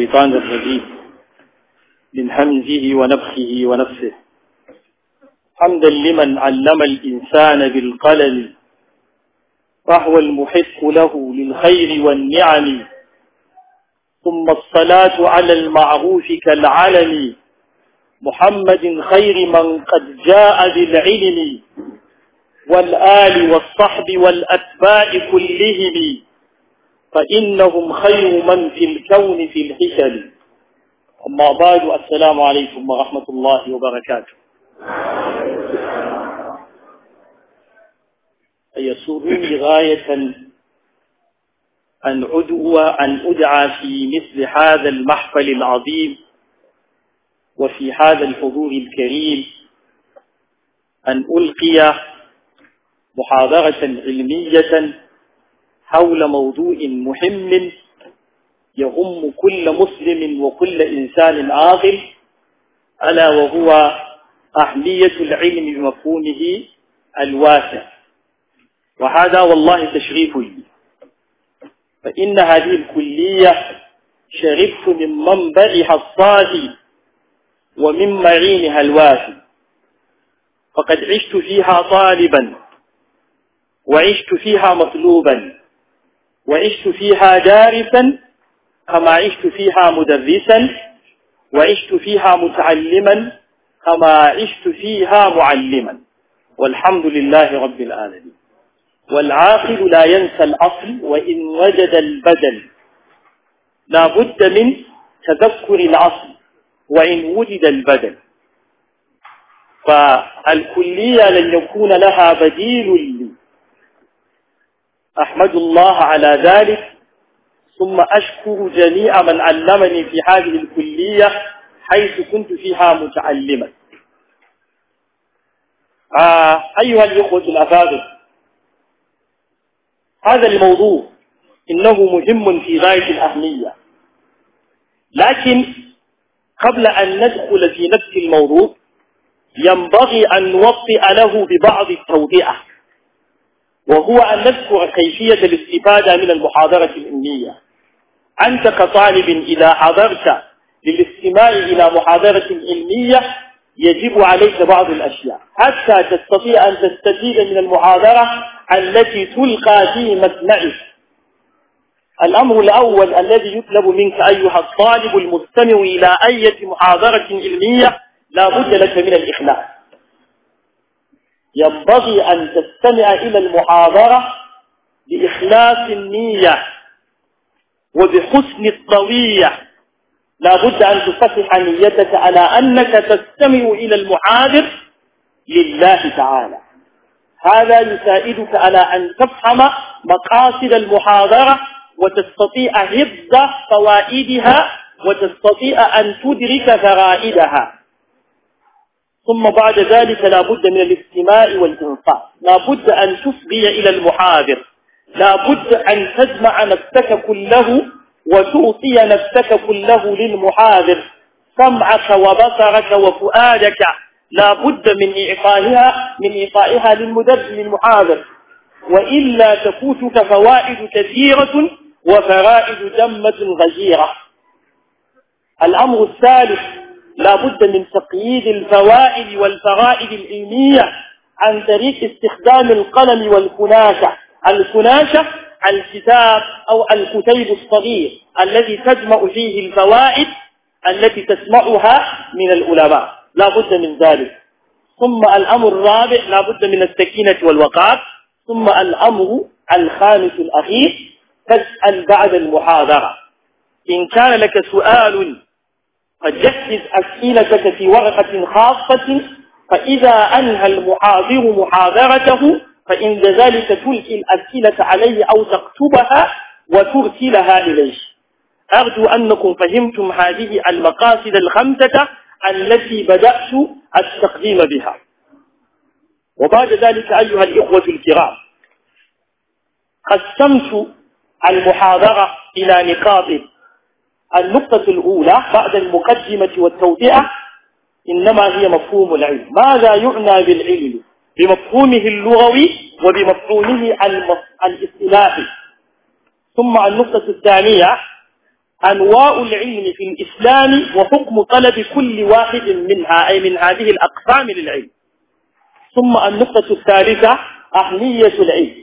الشيطان الرجيم من همزه ونفخه ونفسه حمدا لمن علم الإنسان بالقلم فهو المحق له للخير والنعم ثم الصلاة على المعروف كالعلم محمد خير من قد جاء بالعلم والآل والصحب والأتباع كلهم فإنهم خير من في الكون في الحسن أما بعد السلام عليكم ورحمة الله وبركاته يسرني غاية أن أدعو أن أدعى في مثل هذا المحفل العظيم وفي هذا الحضور الكريم أن ألقي محاضرة علمية حول موضوع مهم يهم كل مسلم وكل إنسان عاقل ألا وهو أهمية العلم بمفهومه الواسع وهذا والله تشريف لي فإن هذه الكلية شرفت من منبعها الصافي ومن معينها الواسع فقد عشت فيها طالبا وعشت فيها مطلوبا وعشت فيها دارسا كما عشت فيها مدرسا وعشت فيها متعلما كما عشت فيها معلما والحمد لله رب العالمين والعاقل لا ينسى الأصل وإن وجد البدل لا بد من تذكر الأصل وإن وجد البدل فالكلية لن يكون لها بديل أحمد الله على ذلك ثم أشكر جميع من علمني في هذه الكلية حيث كنت فيها متعلما آه أيها الإخوة الأفاضل هذا الموضوع إنه مهم في غاية الأهمية لكن قبل أن ندخل في نفس الموضوع ينبغي أن نوطئ له ببعض التوضيئة وهو أن نذكر كيفية الاستفادة من المحاضرة العلمية أنت كطالب إذا حضرت للاستماع إلى محاضرة علمية يجب عليك بعض الأشياء حتى تستطيع أن تستفيد من المحاضرة التي تلقى في مسمعك الأمر الأول الذي يطلب منك أيها الطالب المستمع إلى أي محاضرة علمية لا بد لك من الإخلاص ينبغي أن تستمع إلى المحاضرة بإخلاص النية وبحسن الطوية لا بد أن تفتح نيتك على أنك تستمع إلى المحاضر لله تعالى هذا يساعدك على أن تفهم مقاصد المحاضرة وتستطيع حفظ فوائدها وتستطيع أن تدرك فرائدها ثم بعد ذلك لا بد من الاستماع والإنصات لا بد أن تفضي إلى المحاضر لا بد أن تجمع نفسك كله وتعطي نفسك كله للمحاضر سمعك وبصرك وفؤادك لا بد من إعطائها من إعطائها للمدرس للمحاضر وإلا تفوتك فوائد كثيرة وفرائد جمة غزيرة الأمر الثالث لا بد من تقييد الفوائد والفرائد العلمية عن طريق استخدام القلم والكناشة الكناشة الكتاب أو الكتيب الصغير الذي تجمع فيه الفوائد التي تسمعها من العلماء لا بد من ذلك ثم الأمر الرابع لا بد من السكينة والوقار ثم الأمر الخامس الأخير فاسأل بعد المحاضرة إن كان لك سؤال فجهز أسئلتك في ورقة خاصة فإذا أنهى المحاضر محاضرته فإن ذلك تلقي الأسئلة عليه أو تكتبها وترسلها إليه أرجو أنكم فهمتم هذه المقاصد الخمسة التي بدأت التقديم بها وبعد ذلك أيها الإخوة الكرام قسمت المحاضرة إلى نقاط النقطة الأولى بعد المقدمة والتوضيع إنما هي مفهوم العلم ماذا يعنى بالعلم بمفهومه اللغوي وبمفهومه الاصطلاحي ثم النقطة الثانية أنواع العلم في الإسلام وحكم طلب كل واحد منها أي من هذه الأقسام للعلم ثم النقطة الثالثة أهمية العلم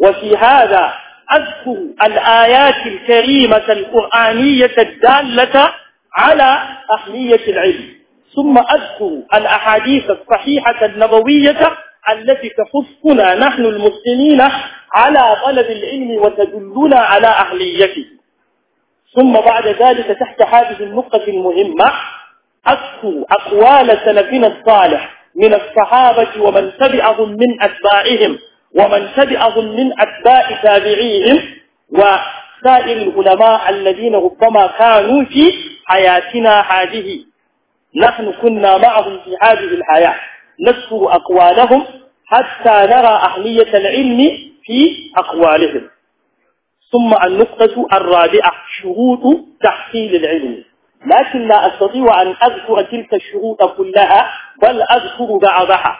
وفي هذا أذكر الآيات الكريمة القرآنية الدالة على أهمية العلم ثم أذكر الأحاديث الصحيحة النبوية التي تخصنا نحن المسلمين على طلب العلم وتدلنا على أهليته ثم بعد ذلك تحت هذه النقطة المهمة أذكر أقوال سلفنا الصالح من الصحابة ومن تبعهم من أتباعهم ومن تبعهم من أتباع تابعيهم وسائر العلماء الذين ربما كانوا في حياتنا هذه نحن كنا معهم في هذه الحياة نذكر أقوالهم حتى نرى أهمية العلم في أقوالهم ثم النقطة الرابعة شروط تحصيل العلم لكن لا أستطيع أن أذكر تلك الشروط كلها بل أذكر بعضها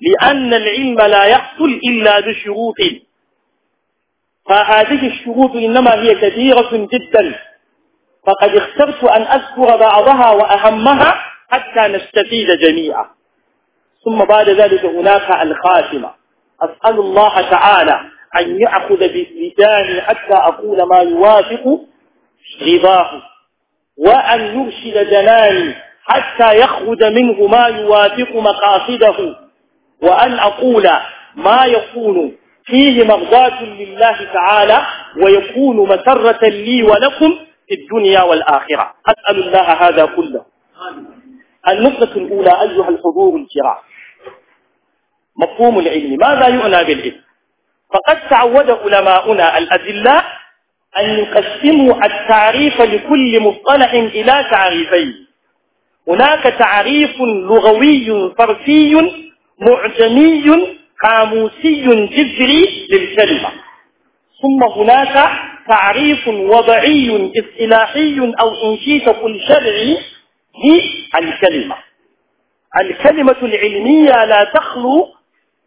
لأن العلم لا يحصل إلا بشروط فهذه الشروط إنما هي كثيرة جدا فقد اخترت أن أذكر بعضها وأهمها حتى نستفيد جميعا ثم بعد ذلك هناك الخاتمة أسأل الله تعالى أن يأخذ بلساني حتى أقول ما يوافق رضاه وأن يرشد جناني حتى يخرج منه ما يوافق مقاصده وأن أقول ما يكون فيه مرضاة لله تعالى ويكون مسرة لي ولكم في الدنيا والآخرة أسأل الله هذا كله النقطة الأولى أيها الحضور الكرام مفهوم العلم ماذا يعنى بالعلم فقد تعود علماؤنا الأدلة أن يقسموا التعريف لكل مصطلح إلى تعريفين هناك تعريف لغوي فرسي معجمي قاموسي جذري للكلمة ثم هناك تعريف وضعي اصطلاحي أو إن شئت قل شرعي للكلمة الكلمة العلمية لا تخلو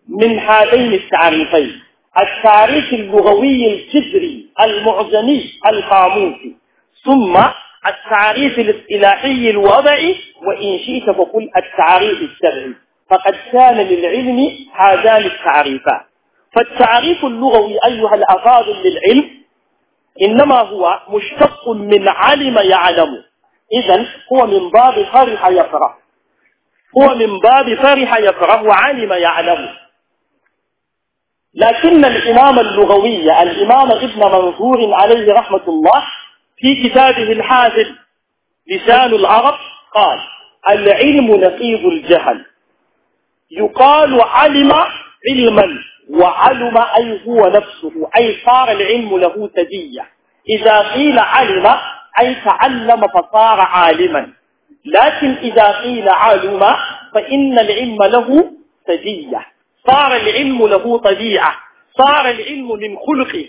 من هذين التعريفين التعريف اللغوي الجذري المعجمي القاموسي ثم التعريف الاصطلاحي الوضعي وإن شئت فقل التعريف الشرعي فقد كان للعلم هذان التعريفان فالتعريف اللغوي أيها الأفاضل للعلم إنما هو مشتق من علم يعلم إذا هو من باب فرح يفرح هو من باب فرح يفرح وعلم يعلم لكن الإمام اللغوي الإمام ابن منصور عليه رحمة الله في كتابه الحافل لسان العرب قال العلم نقيض الجهل يقال علم علما وعلم أي هو نفسه أي صار العلم له تدية إذا قيل علم أي تعلم فصار عالما لكن إذا قيل علم فإن العلم له تدية صار العلم له طبيعة صار العلم من خلقه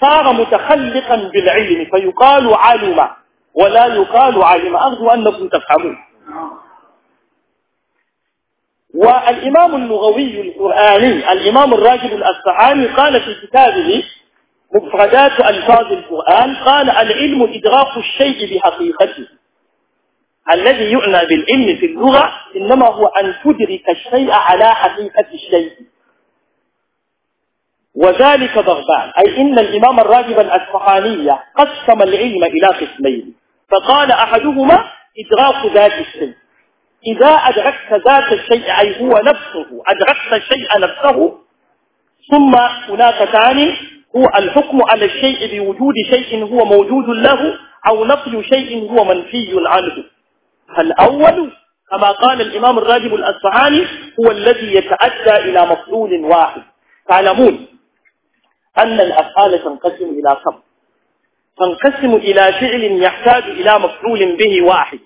صار متخلقا بالعلم فيقال علم ولا يقال علم أرجو أنكم تفهمون والإمام اللغوي القرآني الإمام الراجل الأصفهاني قال في كتابه مفردات ألفاظ القرآن قال العلم إدراك الشيء بحقيقته الذي يعنى بالعلم في اللغة إنما هو أن تدرك الشيء على حقيقة الشيء وذلك ضربان أي إن الإمام الراجب الأصفهاني قسم العلم إلى قسمين فقال أحدهما إدراك ذات الشيء إذا أدركت ذات الشيء أي هو نفسه أدركت الشيء نفسه ثم هناك ثاني هو الحكم على الشيء بوجود شيء هو موجود له أو نفي شيء هو منفي عنه فالأول كما قال الإمام الراجب الأصفهاني هو الذي يتأدى إلى مفعول واحد تعلمون أن الأفعال تنقسم إلى صف تنقسم إلى فعل يحتاج إلى مفعول به واحد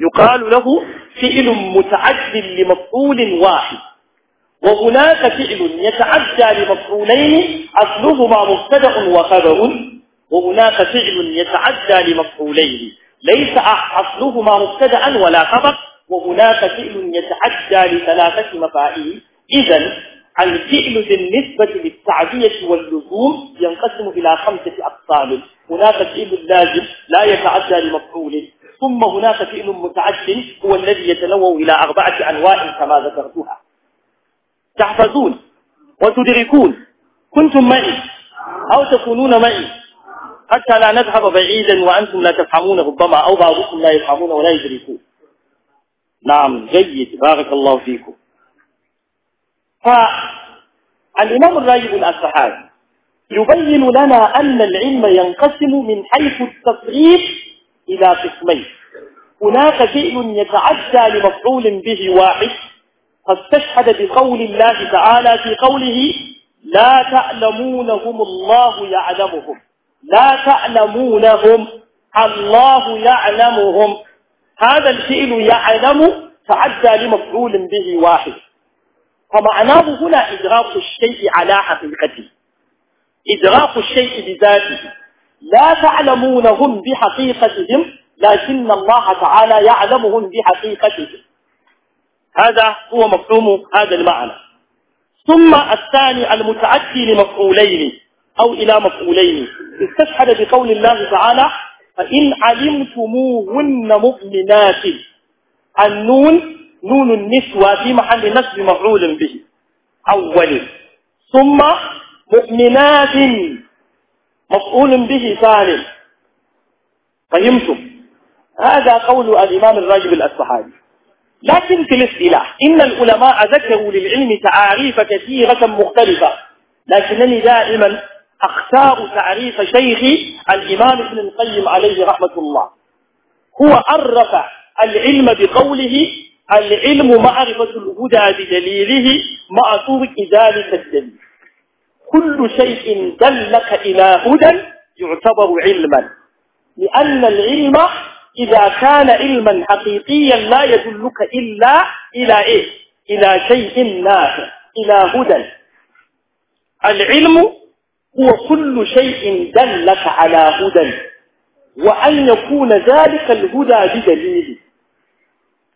يقال له فعل متعد لمفعول واحد وهناك فعل يتعدى لمفعولين أصلهما مبتدا وخبر وهناك فعل يتعدى لمفعولين ليس أصلهما مبتدا ولا خبر وهناك فعل يتعدى لثلاثة مفاعيل إذا الفعل بالنسبة للتعدية واللزوم ينقسم إلى خمسة أقسام هناك فعل لازم لا يتعدى لمفعول ثم هناك فعل متعش هو الذي يتنوع إلى أربعة أنواع كما ذكرتها تحفظون وتدركون كنتم معي أو تكونون معي حتى لا نذهب بعيدا وأنتم لا تفهمون ربما أو بعضكم لا يفهمون ولا يدركون نعم جيد بارك الله فيكم فالإمام الراجب الأصحاب يبين لنا أن العلم ينقسم من حيث التصريف إلى قسمين هناك شيء يتعدى لمفعول به واحد فاستشهد بقول الله تعالى في قوله لا تعلمونهم الله يعلمهم لا تعلمونهم الله يعلمهم هذا الفعل يعلم تعدى لمفعول به واحد فمعناه هنا إدراك الشيء على حقيقته إدراك الشيء بذاته لا تعلمونهم بحقيقتهم لكن الله تعالى يعلمهم بحقيقتهم هذا هو مفهوم هذا المعنى ثم الثاني المتعدي لمفعولين أو إلى مفعولين استشهد بقول الله تعالى فإن علمتموهن مؤمنات النون نون النسوة في محل نسب مفعول به أول ثم مؤمنات مفعول به سالم فهمتم هذا قول الإمام الراجب الأصفهاني لكن في الاصطلاح إن العلماء ذكروا للعلم تعاريف كثيرة مختلفة لكنني دائما أختار تعريف شيخي الإمام ابن القيم عليه رحمة الله هو عرف العلم بقوله العلم معرفة الهدى بدليله مع طرق ذلك الدليل كل شيء دلك إلى هدى يعتبر علما لأن العلم إذا كان علما حقيقيا لا يدلك إلا إلى إيه إلى شيء نافع إلى هدى العلم هو كل شيء دلك على هدى وأن يكون ذلك الهدى بدليل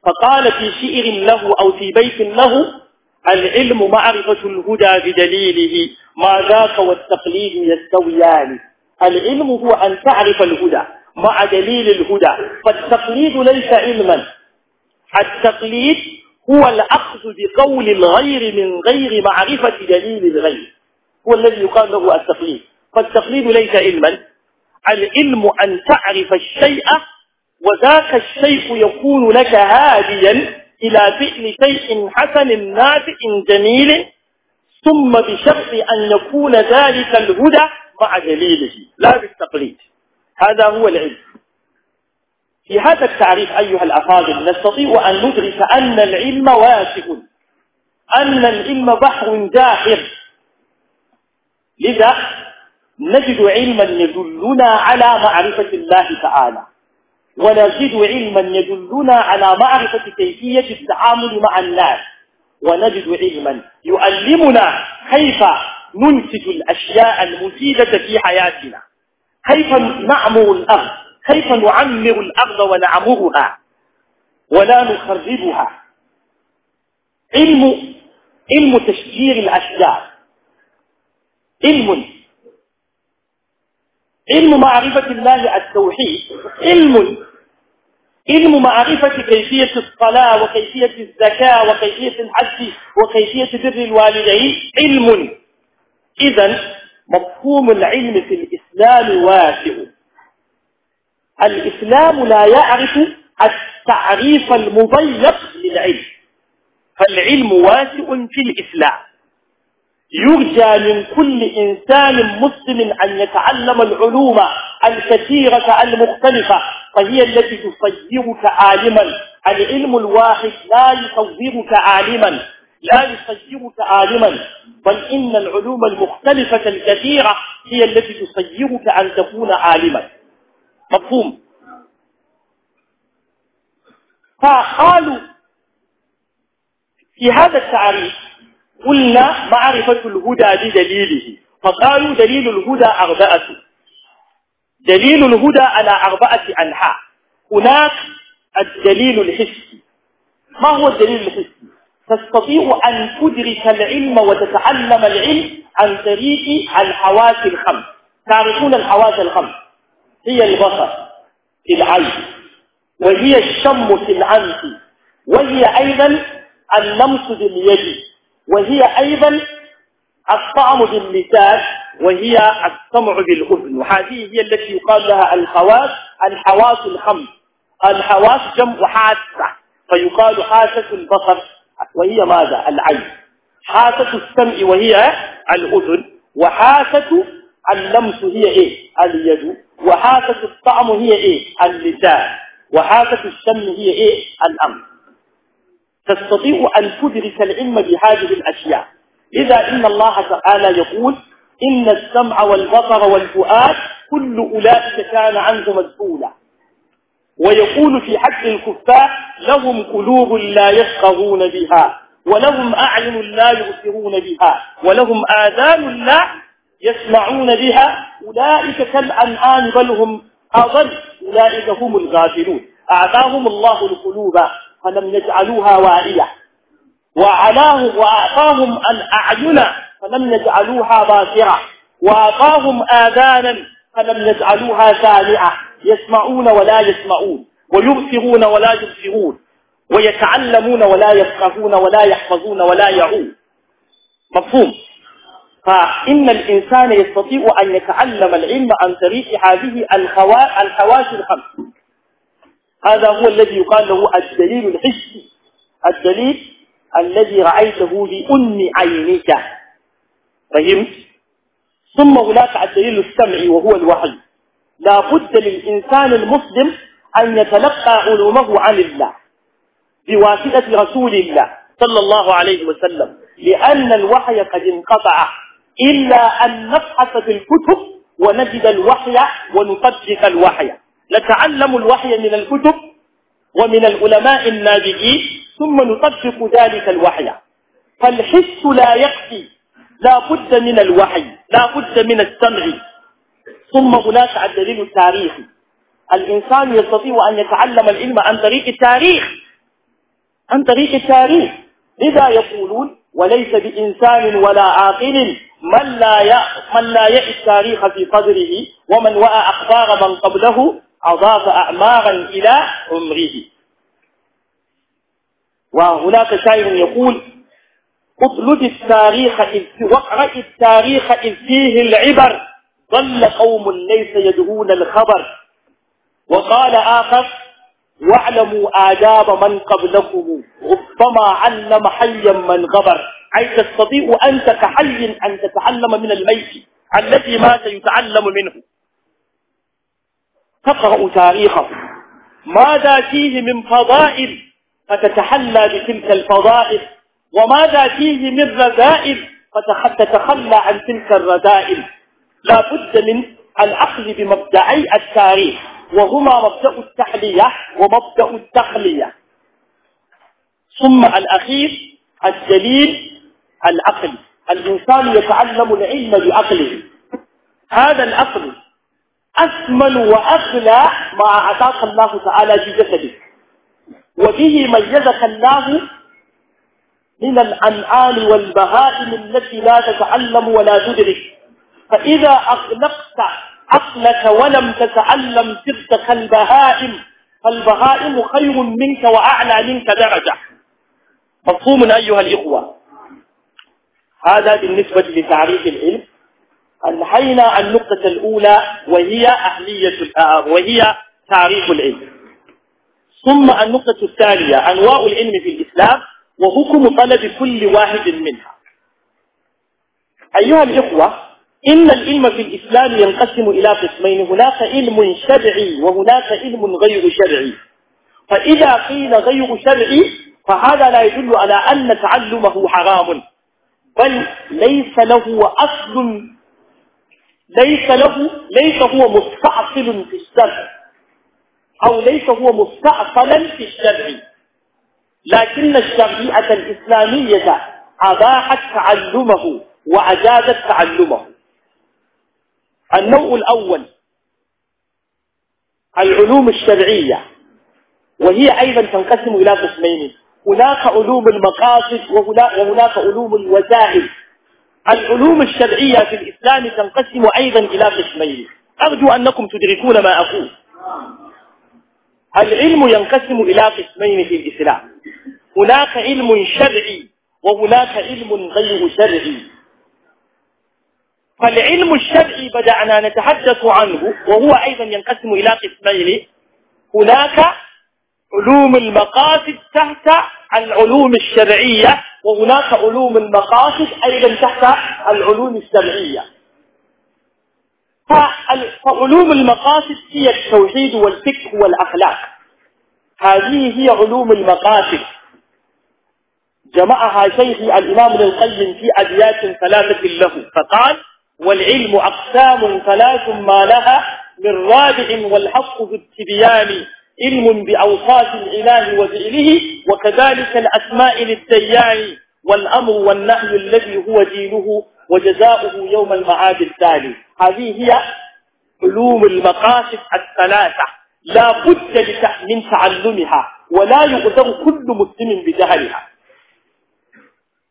فقال في شئر له أو في بيت له العلم معرفة الهدى بدليله ما ذاك والتقليد يستويان العلم هو أن تعرف الهدى مع دليل الهدى فالتقليد ليس علما التقليد هو الأخذ بقول الغير من غير معرفة دليل الغير هو الذي يقال له التقليد فالتقليد ليس علما العلم أن تعرف الشيء وذاك الشيء يكون لك هاديا إلى فعل شيء حسن نافع جميل ثم بشرط أن يكون ذلك الهدى مع دليله لا بالتقليد هذا هو العلم في هذا التعريف أيها الأفاضل نستطيع أن ندرك أن العلم واسع أن العلم بحر جاحر لذا نجد علما يدلنا على معرفة الله تعالى ونجد علما يدلنا على معرفة كيفية التعامل مع الناس ونجد علما يؤلمنا كيف ننتج الأشياء المفيدة في حياتنا كيف نعمر الأرض كيف نعمر الأرض ونعمرها ولا نخربها علم علم تشجير الأشجار علم علم معرفة الله التوحيد علم علم معرفة كيفية الصلاة وكيفية الزكاة وكيفية الحج وكيفية بر الوالدين علم إذا مفهوم العلم في الإسلام واسع الإسلام لا يعرف التعريف المضيق للعلم فالعلم واسع في الإسلام يرجى من كل إنسان مسلم أن يتعلم العلوم الكثيرة المختلفة فهي التي تصيرك عالما العلم الواحد لا يصيرك عالما لا يصيرك عالما بل إن العلوم المختلفة الكثيرة هي التي تصيرك أن تكون عالما مفهوم فقالوا في هذا التعريف قلنا معرفة الهدى بدليله فقالوا دليل الهدى أربعة دليل الهدى على أربعة أنحاء هناك الدليل الحسي ما هو الدليل الحسي؟ تستطيع أن تدرك العلم وتتعلم العلم عن طريق الحواس الخمس تعرفون الحواس الخمس هي البصر في العين وهي الشم في العنف وهي أيضا اللمس باليد وهي أيضا الطعم باللسان وهي السمع بالأذن وهذه هي التي يقال لها الحواس الحواس الخمس الحواس جمع حاسة فيقال حاسة البصر وهي ماذا العين حاسة السمع وهي الأذن وحاسة اللمس هي إيه اليد وحاسة الطعم هي إيه اللسان وحاسة الشم هي إيه الأمر تستطيع أن تدرك العلم بهذه الأشياء إذا إن الله تعالى يقول إن السمع والبصر والفؤاد كل أولئك كان عنه مسؤولا ويقول في حق الكفار لهم قلوب لا يفقهون بها ولهم أعين لا يبصرون بها ولهم آذان لا يسمعون بها أولئك كالأنعام بل هم أضل أولئك هم الغافلون أعطاهم الله القلوب فلم يجعلوها واعية وعلاهم وأعطاهم الأعين فلم يجعلوها باصرة وأعطاهم آذانا فلم يجعلوها سامعة يسمعون ولا يسمعون ويبصرون ولا يبصرون ويتعلمون ولا يفقهون ولا يحفظون ولا يعون مفهوم فإن الإنسان يستطيع أن يتعلم العلم عن طريق هذه الخواس الخواس الخمس هذا هو الذي يقال له الدليل الحسي الدليل الذي رأيته لأم عينك فهمت؟ ثم هناك الدليل السمعي وهو الوحي لا بد للإنسان المسلم أن يتلقى علومه عن الله بواسطة رسول الله صلى الله عليه وسلم لأن الوحي قد انقطع إلا أن نبحث في الكتب ونجد الوحي ونصدق الوحي نتعلم الوحي من الكتب ومن العلماء النابئين ثم نطبق ذلك الوحي فالحس لا يكفي لا بد من الوحي لا بد من السمع ثم هناك الدليل التاريخي الإنسان يستطيع أن يتعلم العلم عن طريق التاريخ عن طريق التاريخ لذا يقولون وليس بإنسان ولا عاقل من لا من لا يئس التاريخ في قدره ومن وأى أخبار من قبله أضاف أعمارا إلى عمره وهناك شاعر يقول اطلد التاريخ إذ واقرأ التاريخ إذ فيه العبر ظل قوم ليس يدعون الخبر وقال آخر واعلموا آداب من قبلكم ربما علم حيا من غبر أي تستطيع أنت كحي أن تتعلم من الميت الذي ما سيتعلم منه تقرأ تاريخه ماذا فيه من فضائل فتتحلى بتلك الفضائل وماذا فيه من رذائل فتتخلى عن تلك الرذائل لا بد من العقل بمبدعي التاريخ وهما مبدأ التحلية ومبدأ التخلية ثم الأخير الدليل العقل الإنسان يتعلم العلم بعقله هذا العقل أثمن وأغلى ما أعطاك الله تعالى في جسدك وبه ميزك الله من الأنعام والبهائم التي لا تتعلم ولا تدرك فإذا أغلقت عقلك ولم تتعلم صرت كالبهائم فالبهائم خير منك وأعلى منك درجة مفهوم أيها الإخوة هذا بالنسبة لتعريف العلم انهينا النقطة الأولى وهي أهلية آه، وهي تعريف العلم ثم النقطة الثانية أنواع العلم في الإسلام وحكم طلب كل واحد منها أيها الإخوة إن العلم في الإسلام ينقسم إلى قسمين هناك علم شرعي وهناك علم غير شرعي فإذا قيل غير شرعي فهذا لا يدل على أن تعلمه حرام بل ليس له أصل ليس له ليس هو مستعصل في الشرع أو ليس هو مستعصلا في الشرع لكن الشريعة الإسلامية أباحت تعلمه وأجازت تعلمه النوع الأول العلوم الشرعية وهي أيضا تنقسم إلى قسمين هناك علوم المقاصد وهناك علوم الوسائل العلوم الشرعية في الإسلام تنقسم أيضا إلى قسمين أرجو أنكم تدركون ما أقول العلم ينقسم إلى قسمين في الإسلام هناك علم شرعي وهناك علم غير شرعي فالعلم الشرعي بدأنا نتحدث عنه وهو أيضا ينقسم إلى قسمين هناك علوم المقاصد تحت العلوم الشرعية وهناك علوم المقاصد أيضا تحت العلوم الشرعية فعلوم المقاصد هي التوحيد والفقه والأخلاق هذه هي علوم المقاصد جمعها شيخي الإمام ابن القيم في أبيات ثلاثة له فقال والعلم أقسام ثلاث ما لها من رابع والحق في التبيان علم بأوصاف الإله وفعله وكذلك الأسماء للتياع والأمر والنهي الذي هو دينه وجزاؤه يوم المعاد التالي هذه هي علوم المقاصد الثلاثة لا بد من تعلمها ولا يغدر كل مسلم بجهلها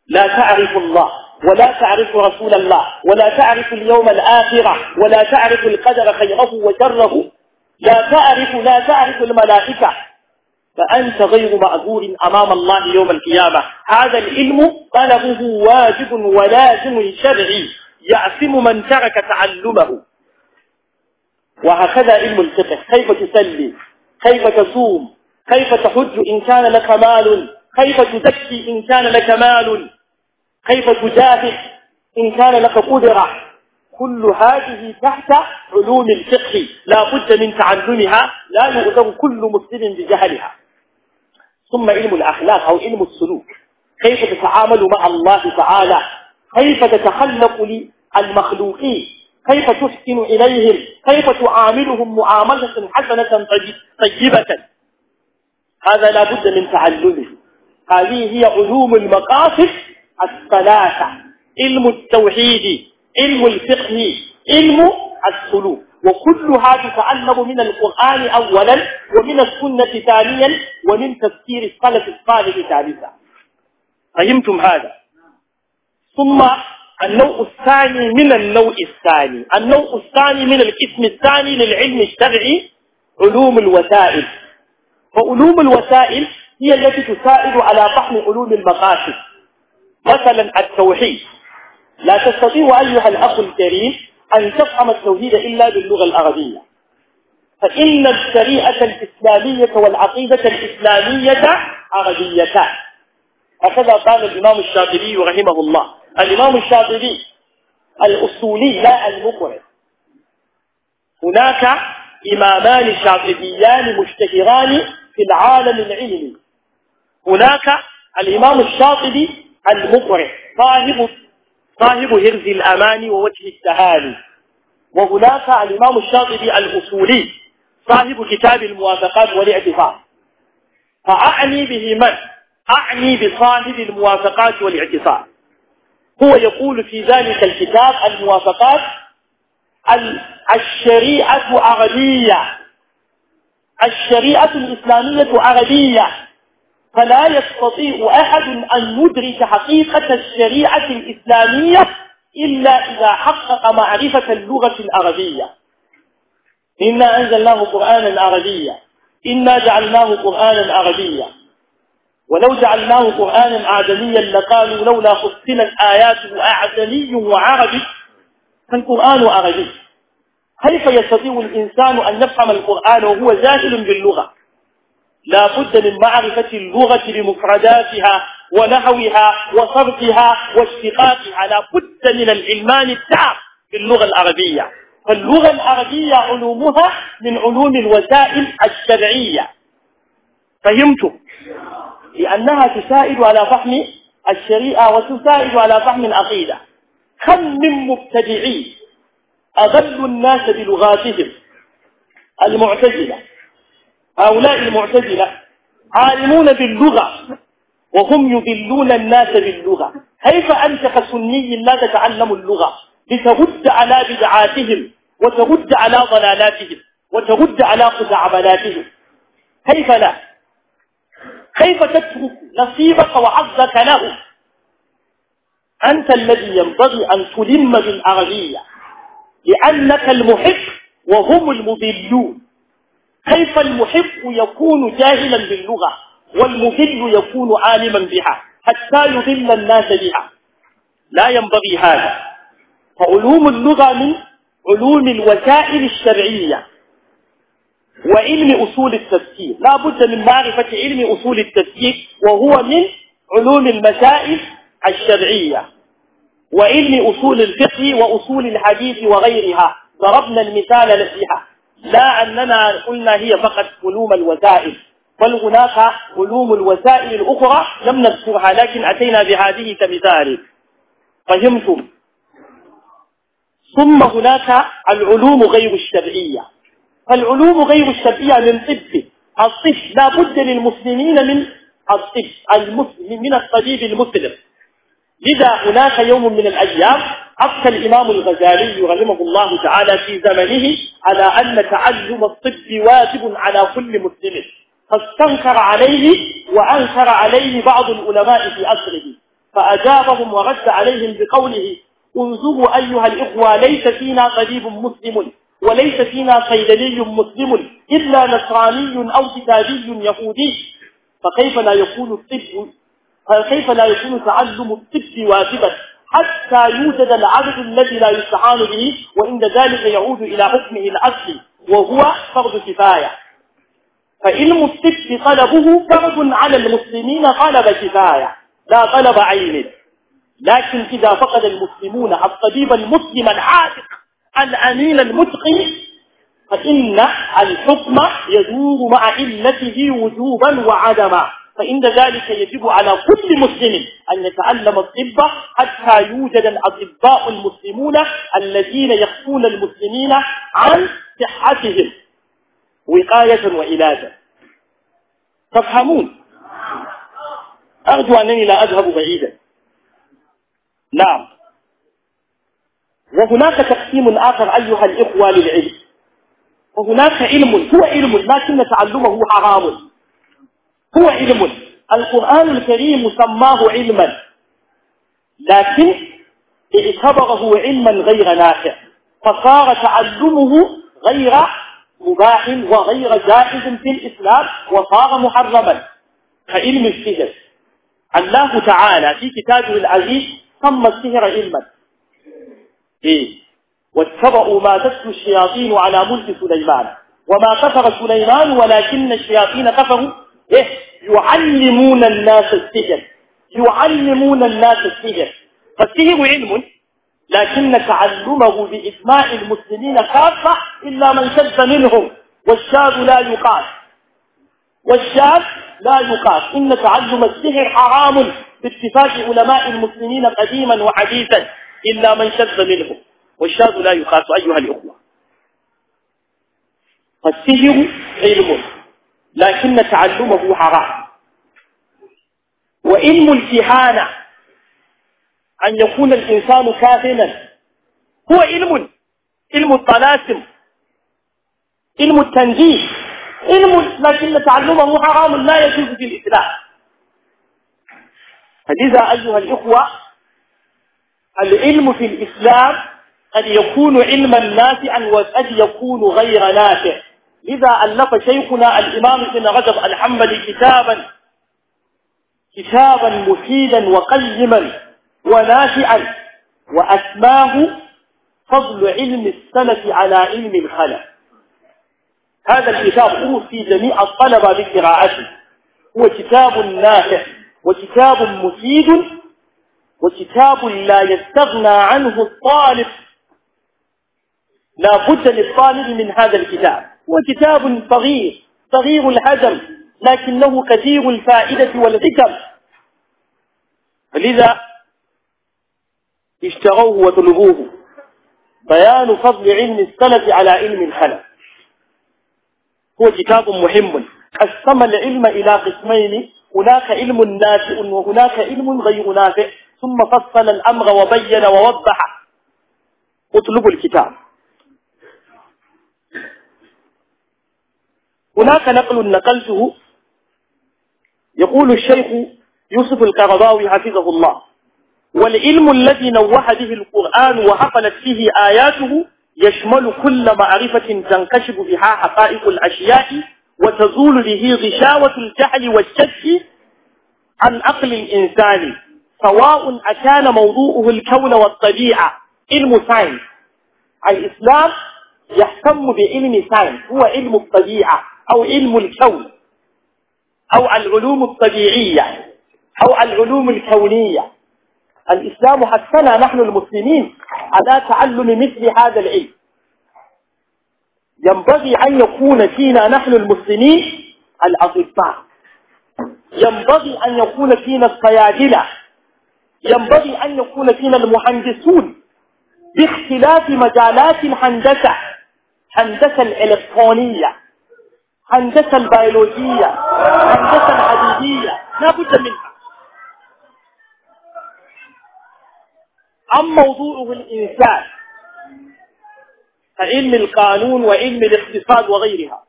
لا تعرف الله ولا تعرف رسول الله ولا تعرف اليوم الآخرة ولا تعرف القدر خيره وشره لا تعرف لا تعرف الملائكة فأنت غير مأذور أمام الله يوم القيامة هذا العلم طلبه واجب ولازم شرعي يعصم من ترك تعلمه وهكذا علم الفقه كيف تصلي كيف تصوم كيف تحج إن كان لك مال كيف تزكي إن كان لك مال كيف تجاهد إن كان لك قدرة كل هذه تحت علوم الفقه لا بد من تعلمها لا يؤذن كل مسلم بجهلها ثم علم الأخلاق أو علم السلوك كيف تتعامل مع الله تعالى كيف تتخلق للمخلوقين كيف تحسن إليهم كيف تعاملهم معاملة حسنة طيب- طيبة هذا لا بد من تعلمه هذه هي علوم المقاصد الثلاثة علم التوحيد علم الفقه علم السلوك وكلها تتعلم من القرآن أولا ومن السنة ثانيا ومن تفسير السلف الصالح ثالثا فهمتم هذا ثم النوع الثاني من النوع الثاني النوع الثاني من القسم الثاني للعلم الشرعي علوم الوسائل وعلوم الوسائل هي التي تساعد على فهم علوم المقاصد مثلا التوحيد لا تستطيع أيها الأخ الكريم أن تفهم التوحيد إلا باللغة العربية فإن الشريعة الإسلامية والعقيدة الإسلامية عربيتان هكذا قال الإمام الشاطبي رحمه الله الإمام الشاطبي الأصولي لا المقرد هناك إمامان شاطبيان مشتهران في العالم العلمي هناك الإمام الشاطبي المقرئ صاحب صاحب هرز الأمان ووجه التهاني وهناك الإمام الشاطبي الأصولي صاحب كتاب الموافقات والاعتفاق فأعني به من؟ أعني بصاحب الموافقات والاعتصام هو يقول في ذلك الكتاب الموافقات الشريعة عربية الشريعة الإسلامية عربية فلا يستطيع أحد أن يدرك حقيقة الشريعة الإسلامية إلا إذا حقق معرفة اللغة العربية إنا أنزلناه قرآنا عربيا إنا جعلناه قرآنا عربيا ولو جعلناه قرآنا عادميا لقالوا لولا فصلت آياته أعجمي وعربي فالقرآن عربي كيف يستطيع الإنسان أن يفهم القرآن وهو جاهل باللغة لا بد من معرفة اللغة بمفرداتها ونحوها وصرفها واشتقاقها لا بد من العلمان التام باللغة العربية فاللغة العربية علومها من علوم الوسائل الشرعية فهمتم لأنها تساعد على فهم الشريعة وتساعد على فهم العقيدة كم من مبتدعين أغل الناس بلغاتهم المعتزلة هؤلاء المعتزلة عالمون باللغة وهم يذلون الناس باللغة كيف أنت كسني لا تتعلم اللغة لترد على بدعاتهم وترد على ضلالاتهم وترد على خزعبلاتهم كيف لا كيف تترك نصيبك وعظك له أنت الذي ينبغي أن تلم بالعربية لأنك المحق وهم المذلون كيف المحق يكون جاهلا باللغة والمهل يكون عالما بها حتى يضل الناس بها لا ينبغي هذا فعلوم اللغة من علوم الوسائل الشرعية وعلم أصول التفسير لا بد من معرفة علم أصول التفسير وهو من علوم المسائل الشرعية وعلم أصول الفقه وأصول الحديث وغيرها ضربنا المثال لها لا أننا قلنا هي فقط علوم الوسائل بل هناك علوم الوسائل الأخرى لم نذكرها لكن أتينا بهذه كمثال فهمتم ثم هناك العلوم غير الشرعية فالعلوم غير الشرعية من طب الطب لا بد للمسلمين من الطب المسلم من الطبيب المسلم لذا هناك يوم من الأيام أفتى الإمام الغزالي رحمه الله تعالى في زمنه على أن تعلم الطب واجب على كل مسلم فاستنكر عليه وأنكر عليه بعض العلماء في أسره فأجابهم ورد عليهم بقوله انظروا أيها الإخوة ليس فينا طبيب مسلم وليس فينا صيدلي مسلم إلا نصراني أو كتابي يهودي فكيف لا يكون الطب فكيف لا يكون تعلم الطب واجبا حتى يوجد العدد الذي لا يستعان به وإن ذلك يعود إلى حكمه العدل وهو فرض كفاية فعلم الطب طلبه فرض على المسلمين طلب كفاية لا طلب عين لكن إذا فقد المسلمون الطبيب المسلم العاتق الأمين المتقن فإن الحكم يدور مع علته وجوبا وعدما فإن ذلك يجب على كل مسلم أن يتعلم الطب حتى يوجد الأطباء المسلمون الذين يخفون المسلمين عن صحتهم وقاية وعلاجا تفهمون أرجو أنني لا أذهب بعيدا نعم وهناك تقسيم آخر أيها الإخوة للعلم وهناك علم هو علم لكن تعلمه حرام هو علم القرآن الكريم سماه علما لكن اعتبره علما غير نافع فصار تعلمه غير مباح وغير جائز في الإسلام وصار محرما كعلم السهر الله تعالى في كتابه العزيز سمى السهر علما إيه؟ واتبعوا ما تتلو الشياطين على ملك سليمان وما كفر سليمان ولكن الشياطين كفروا إيه؟ يعلمون الناس السحر يعلمون الناس السحر فالسجن علم لكن تعلمه بإجماع المسلمين كافة إلا من شد منهم والشاب لا يقال والشاب لا يقال إن تعلم السحر حرام باتفاق علماء المسلمين قديما وحديثا إلا من شد منهم والشاب لا يقاس أيها الأخوة فالسحر علم لكن تعلمه حرام وإلم الكهانة أن يكون الإنسان كاهنا هو علم علم الطلاسم علم التنجيم علم لكن تعلمه حرام لا يجوز في الإسلام فلذا أيها الإخوة العلم في الإسلام قد يكون علما نافعا وقد يكون غير نافع إذا ألف شيخنا الإمام ابن رجب الحنبلي كتابا كتابا مفيدا وقيما ونافعا وأسماه فضل علم السلف على علم الخلا هذا الكتاب أوصي جميع الطلبة بقراءته هو كتاب نافع وكتاب مفيد وكتاب لا يستغنى عنه الطالب لا بد للطالب من هذا الكتاب هو كتاب صغير صغير الحجم لكنه كثير الفائدة والحكم فلذا اشتروه وطلبوه بيان فضل علم السلف على علم الخلف هو كتاب مهم قسم العلم إلى قسمين هناك علم نافع وهناك علم غير نافع ثم فصل الأمر وبين ووضح اطلبوا الكتاب هناك نقل نقلته يقول الشيخ يوسف القرضاوي حفظه الله والعلم الذي نوح به القرآن وحفلت فيه آياته يشمل كل معرفة تنكشف بها حقائق الأشياء وتزول به غشاوة الجهل والشك عن عقل الإنسان سواء أكان موضوعه الكون والطبيعة علم ساينس الإسلام يهتم بعلم ساينس هو علم الطبيعة أو علم الكون أو العلوم الطبيعية أو العلوم الكونية الإسلام حثنا نحن المسلمين على تعلم مثل هذا العلم ينبغي أن يكون فينا نحن المسلمين الأطباء ينبغي أن يكون فينا الصيادلة ينبغي أن يكون فينا المهندسون باختلاف مجالات الهندسة هندسة الإلكترونية هندسة البيولوجية هندسة الحديدية لا بد منها أم موضوعه الإنسان علم القانون وعلم الاقتصاد وغيرها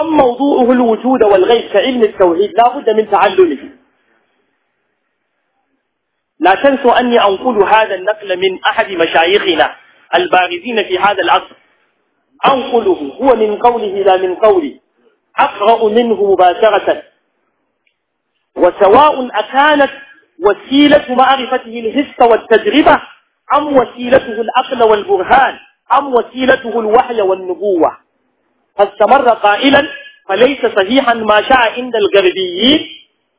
أم موضوعه الوجود والغيب كعلم التوحيد لا بد من تعلمه لا تنسوا أني أنقل هذا النقل من أحد مشايخنا البارزين في هذا العصر أنقله هو من قوله لا من قولي أقرأ منه مباشرة وسواء أكانت وسيلة معرفته الحس والتجربة أم وسيلته العقل والبرهان أم وسيلته الوحي والنبوة فاستمر قائلا فليس صحيحا ما شاء عند الغربيين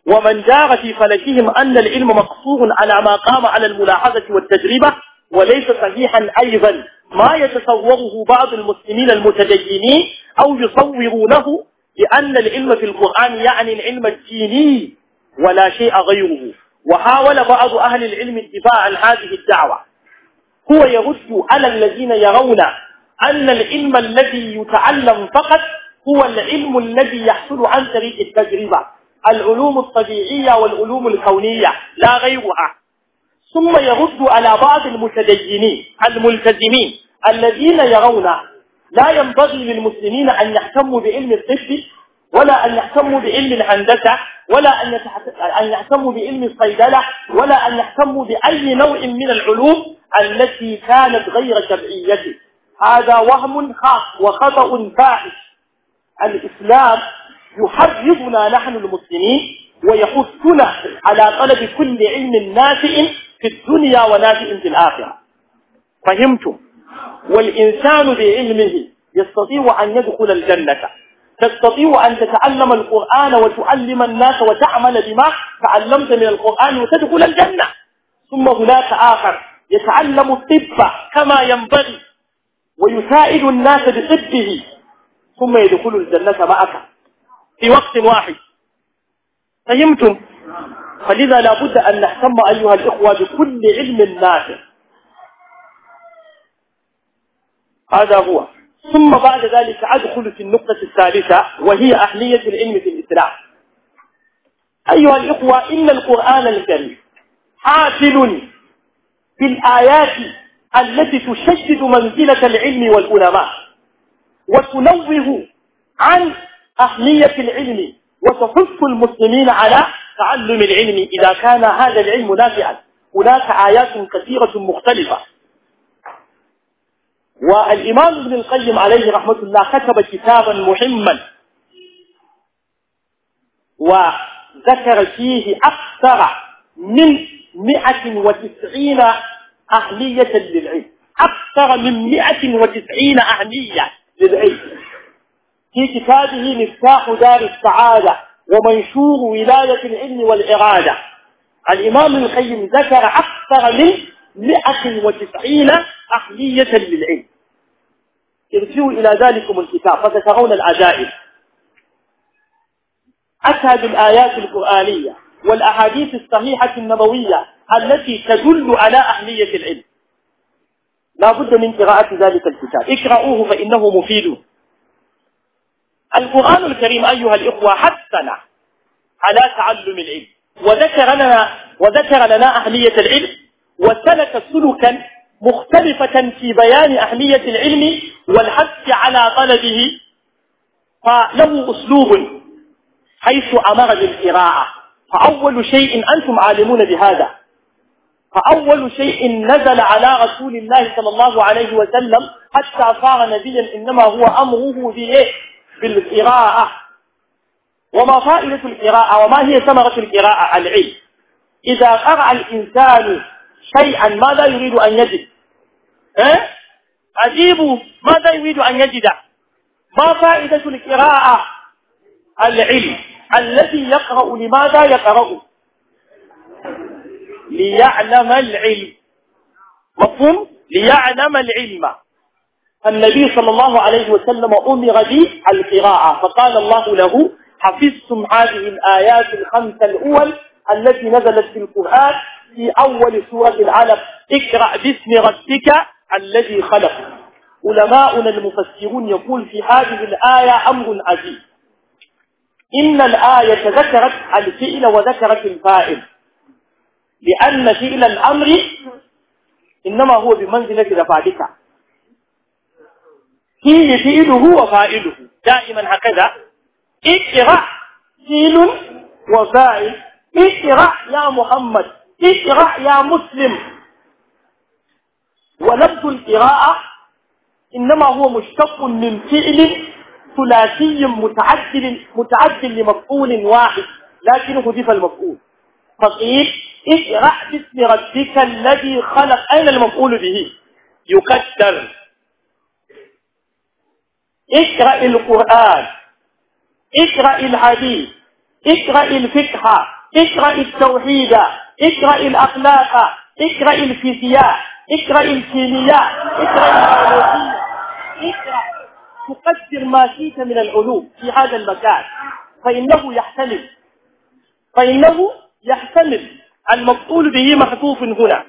ومن جار في فلكهم أن العلم مقصور على ما قام على الملاحظة والتجربة وليس صحيحا أيضا ما يتصوره بعض المسلمين المتدينين أو يصورونه لأن العلم في القرآن يعني العلم الديني ولا شيء غيره وحاول بعض أهل العلم الدفاع عن هذه الدعوة هو يرد على الذين يرون أن العلم الذي يتعلم فقط هو العلم الذي يحصل عن طريق التجربة العلوم الطبيعية والعلوم الكونية لا غيرها ثم يرد على بعض المتدينين الملتزمين الذين يرون لا ينبغي للمسلمين أن يهتموا بعلم الطب ولا أن يهتموا بعلم الهندسة ولا أن أن يهتموا بعلم الصيدلة ولا أن يهتموا بأي نوع من العلوم التي كانت غير شرعية هذا وهم خاص وخطأ فاحش الإسلام يحرضنا نحن المسلمين ويحثنا على طلب كل علم نافع في الدنيا ولا في الآخرة فهمتم والإنسان بعلمه يستطيع أن يدخل الجنة تستطيع أن تتعلم القرآن وتعلم الناس وتعمل بما تعلمت من القرآن وتدخل الجنة ثم هناك آخر يتعلم الطب كما ينبغي ويساعد الناس بطبه ثم يدخل الجنة معك في وقت واحد فهمتم فلذا لابد أن نهتم أيها الإخوة بكل علم نافع هذا هو ثم بعد ذلك أدخل في النقطة الثالثة وهي أهلية العلم في الإسلام أيها الإخوة إن القرآن الكريم حافل بالآيات التي تشدد منزلة العلم والعلماء وتنوه عن أهلية العلم وتحث المسلمين على تعلم العلم إذا كان هذا العلم نافعا هناك آيات كثيرة مختلفة والإمام ابن القيم عليه رحمة الله كتب كتابا مهما وذكر فيه أكثر من 190 أهلية للعلم أكثر من 190 أهلية للعلم في كتابه مفتاح دار السعادة ومنشور ولاية العلم والإرادة الإمام القيم ذكر أكثر من 190 أهلية للعلم ارجعوا إلى ذلكم الكتاب فترون العجائب أشهد الآيات القرآنية والأحاديث الصحيحة النبوية التي تدل على أهلية العلم لا بد من قراءة ذلك الكتاب اقرأوه فإنه مفيد القرآن الكريم أيها الإخوة حثنا على تعلم العلم وذكر لنا, وذكر لنا أهمية العلم وسلك سلكا مختلفة في بيان أهمية العلم والحث على طلبه فله أسلوب حيث أمر بالقراءة فأول شيء أنتم عالمون بهذا فأول شيء نزل على رسول الله صلى الله عليه وسلم حتى صار نبيا إنما هو أمره بإيه بالقراءة وما فائدة القراءة وما هي ثمرة القراءة العلم إذا قرأ الإنسان شيئا ماذا يريد أن يجد أه؟ عجيب ماذا يريد أن يجد ما فائدة القراءة العلم الذي يقرأ لماذا يقرأ ليعلم العلم مفهوم ليعلم العلم النبي صلى الله عليه وسلم أمر بي القراءة فقال الله له حفظتم هذه الآيات الخمس الأول التي نزلت في القرآن في أول سورة العلق اقرأ باسم ربك الذي خلق علماؤنا المفسرون يقول في هذه الآية أمر عجيب إن الآية ذكرت الفئل وذكرت الفائل لأن فئل الأمر إنما هو بمنزلة رفعتك هي فعله وفائله دائما هكذا اقرأ فعل وفائل اقرأ يا محمد اقرأ يا مسلم ولفظ القراءة إنما هو مشتق من فعل ثلاثي متعدل متعدل لمفعول واحد لكن هدف المفعول فقيل اقرأ باسم ربك الذي خلق أين المفعول به يكثر اقرأ القرآن اقرأ الحديث اقرأ الفقه اقرأ التوحيد اقرأ الأخلاق اقرأ الفيزياء اقرأ الكيمياء اقرأ البيولوجيا اقرأ تقدر ما شئت من العلوم في هذا المكان فإنه يحتمل فإنه يحتمل المفعول به مخطوف هنا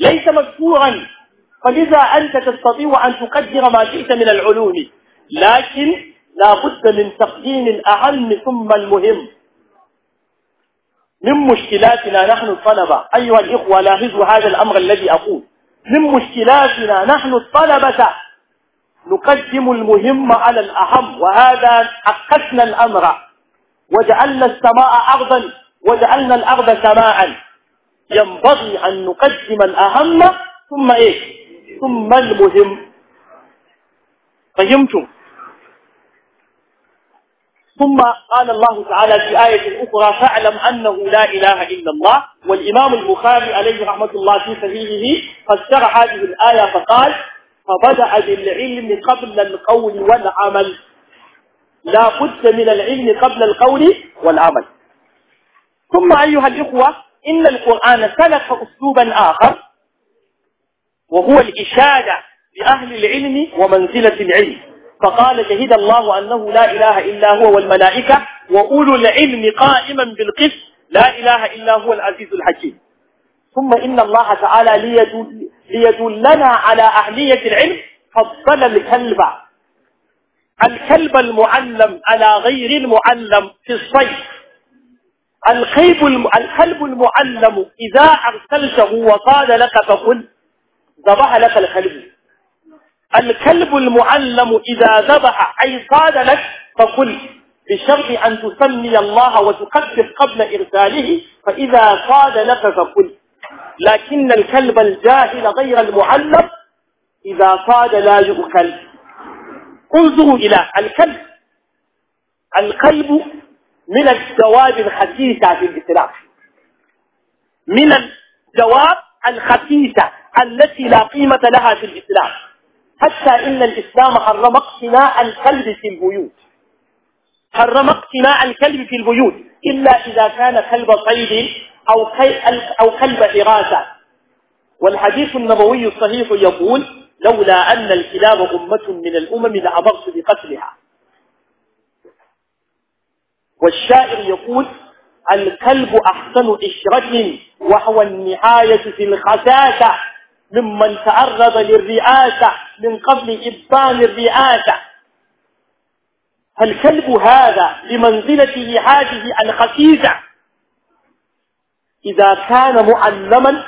ليس مذكورا فلذا أنت تستطيع أن تقدر ما شئت من العلوم لكن لا بد من تقديم الأهم ثم المهم من مشكلاتنا نحن الطلبة أيها الإخوة لاحظوا هذا الأمر الذي أقول من مشكلاتنا نحن الطلبة نقدم المهم على الأهم وهذا عكسنا الأمر وجعلنا السماء أرضا وجعلنا الأرض سماعا ينبغي أن نقدم الأهم ثم إيه ثم المهم فهمتم ثم قال الله تعالى في آية أخرى فاعلم أنه لا إله إلا الله والإمام البخاري عليه رحمة الله في سبيله فسر هذه الآية فقال فبدأ بالعلم قبل القول والعمل لا بد من العلم قبل القول والعمل ثم أيها الإخوة إن القرآن سلك أسلوبا آخر وهو الإشادة لأهل العلم ومنزلة العلم فقال شهد الله أنه لا إله إلا هو والملائكة وأولو العلم قائما بالقس لا إله إلا هو العزيز الحكيم ثم إن الله تعالى ليدل, ليدلنا على أهمية العلم فضل الكلب الكلب المعلم على غير المعلم في الصيف الخيب الم... الكلب المعلم إذا أرسلته وقال لك فقل ذبح لك الكلب الكلب المعلم إذا ذبح أي صاد لك فكل بشرط أن تسمي الله وتكفر قبل إرساله فإذا صاد لك فكل لكن الكلب الجاهل غير المعلم إذا صاد لا يؤكل انظروا إلى الكلب الكلب من الدواب الخسيسة في الإسلام من الدواب الخسيسة التي لا قيمة لها في الإسلام حتى إن الإسلام حرم اقتناء الكلب في البيوت حرم اقتناء الكلب في البيوت إلا إذا كان كلب صيد أو, أو كلب حراسة والحديث النبوي الصحيح يقول لولا أن الكلاب أمة من الأمم لأمرت بقتلها والشاعر يقول الكلب أحسن عشرة وهو النهاية في الخساسة ممن تعرض للرئاسة من قبل إبان الرئاسة فالكلب هذا بمنزلته هذه الخسيسة إذا كان معلما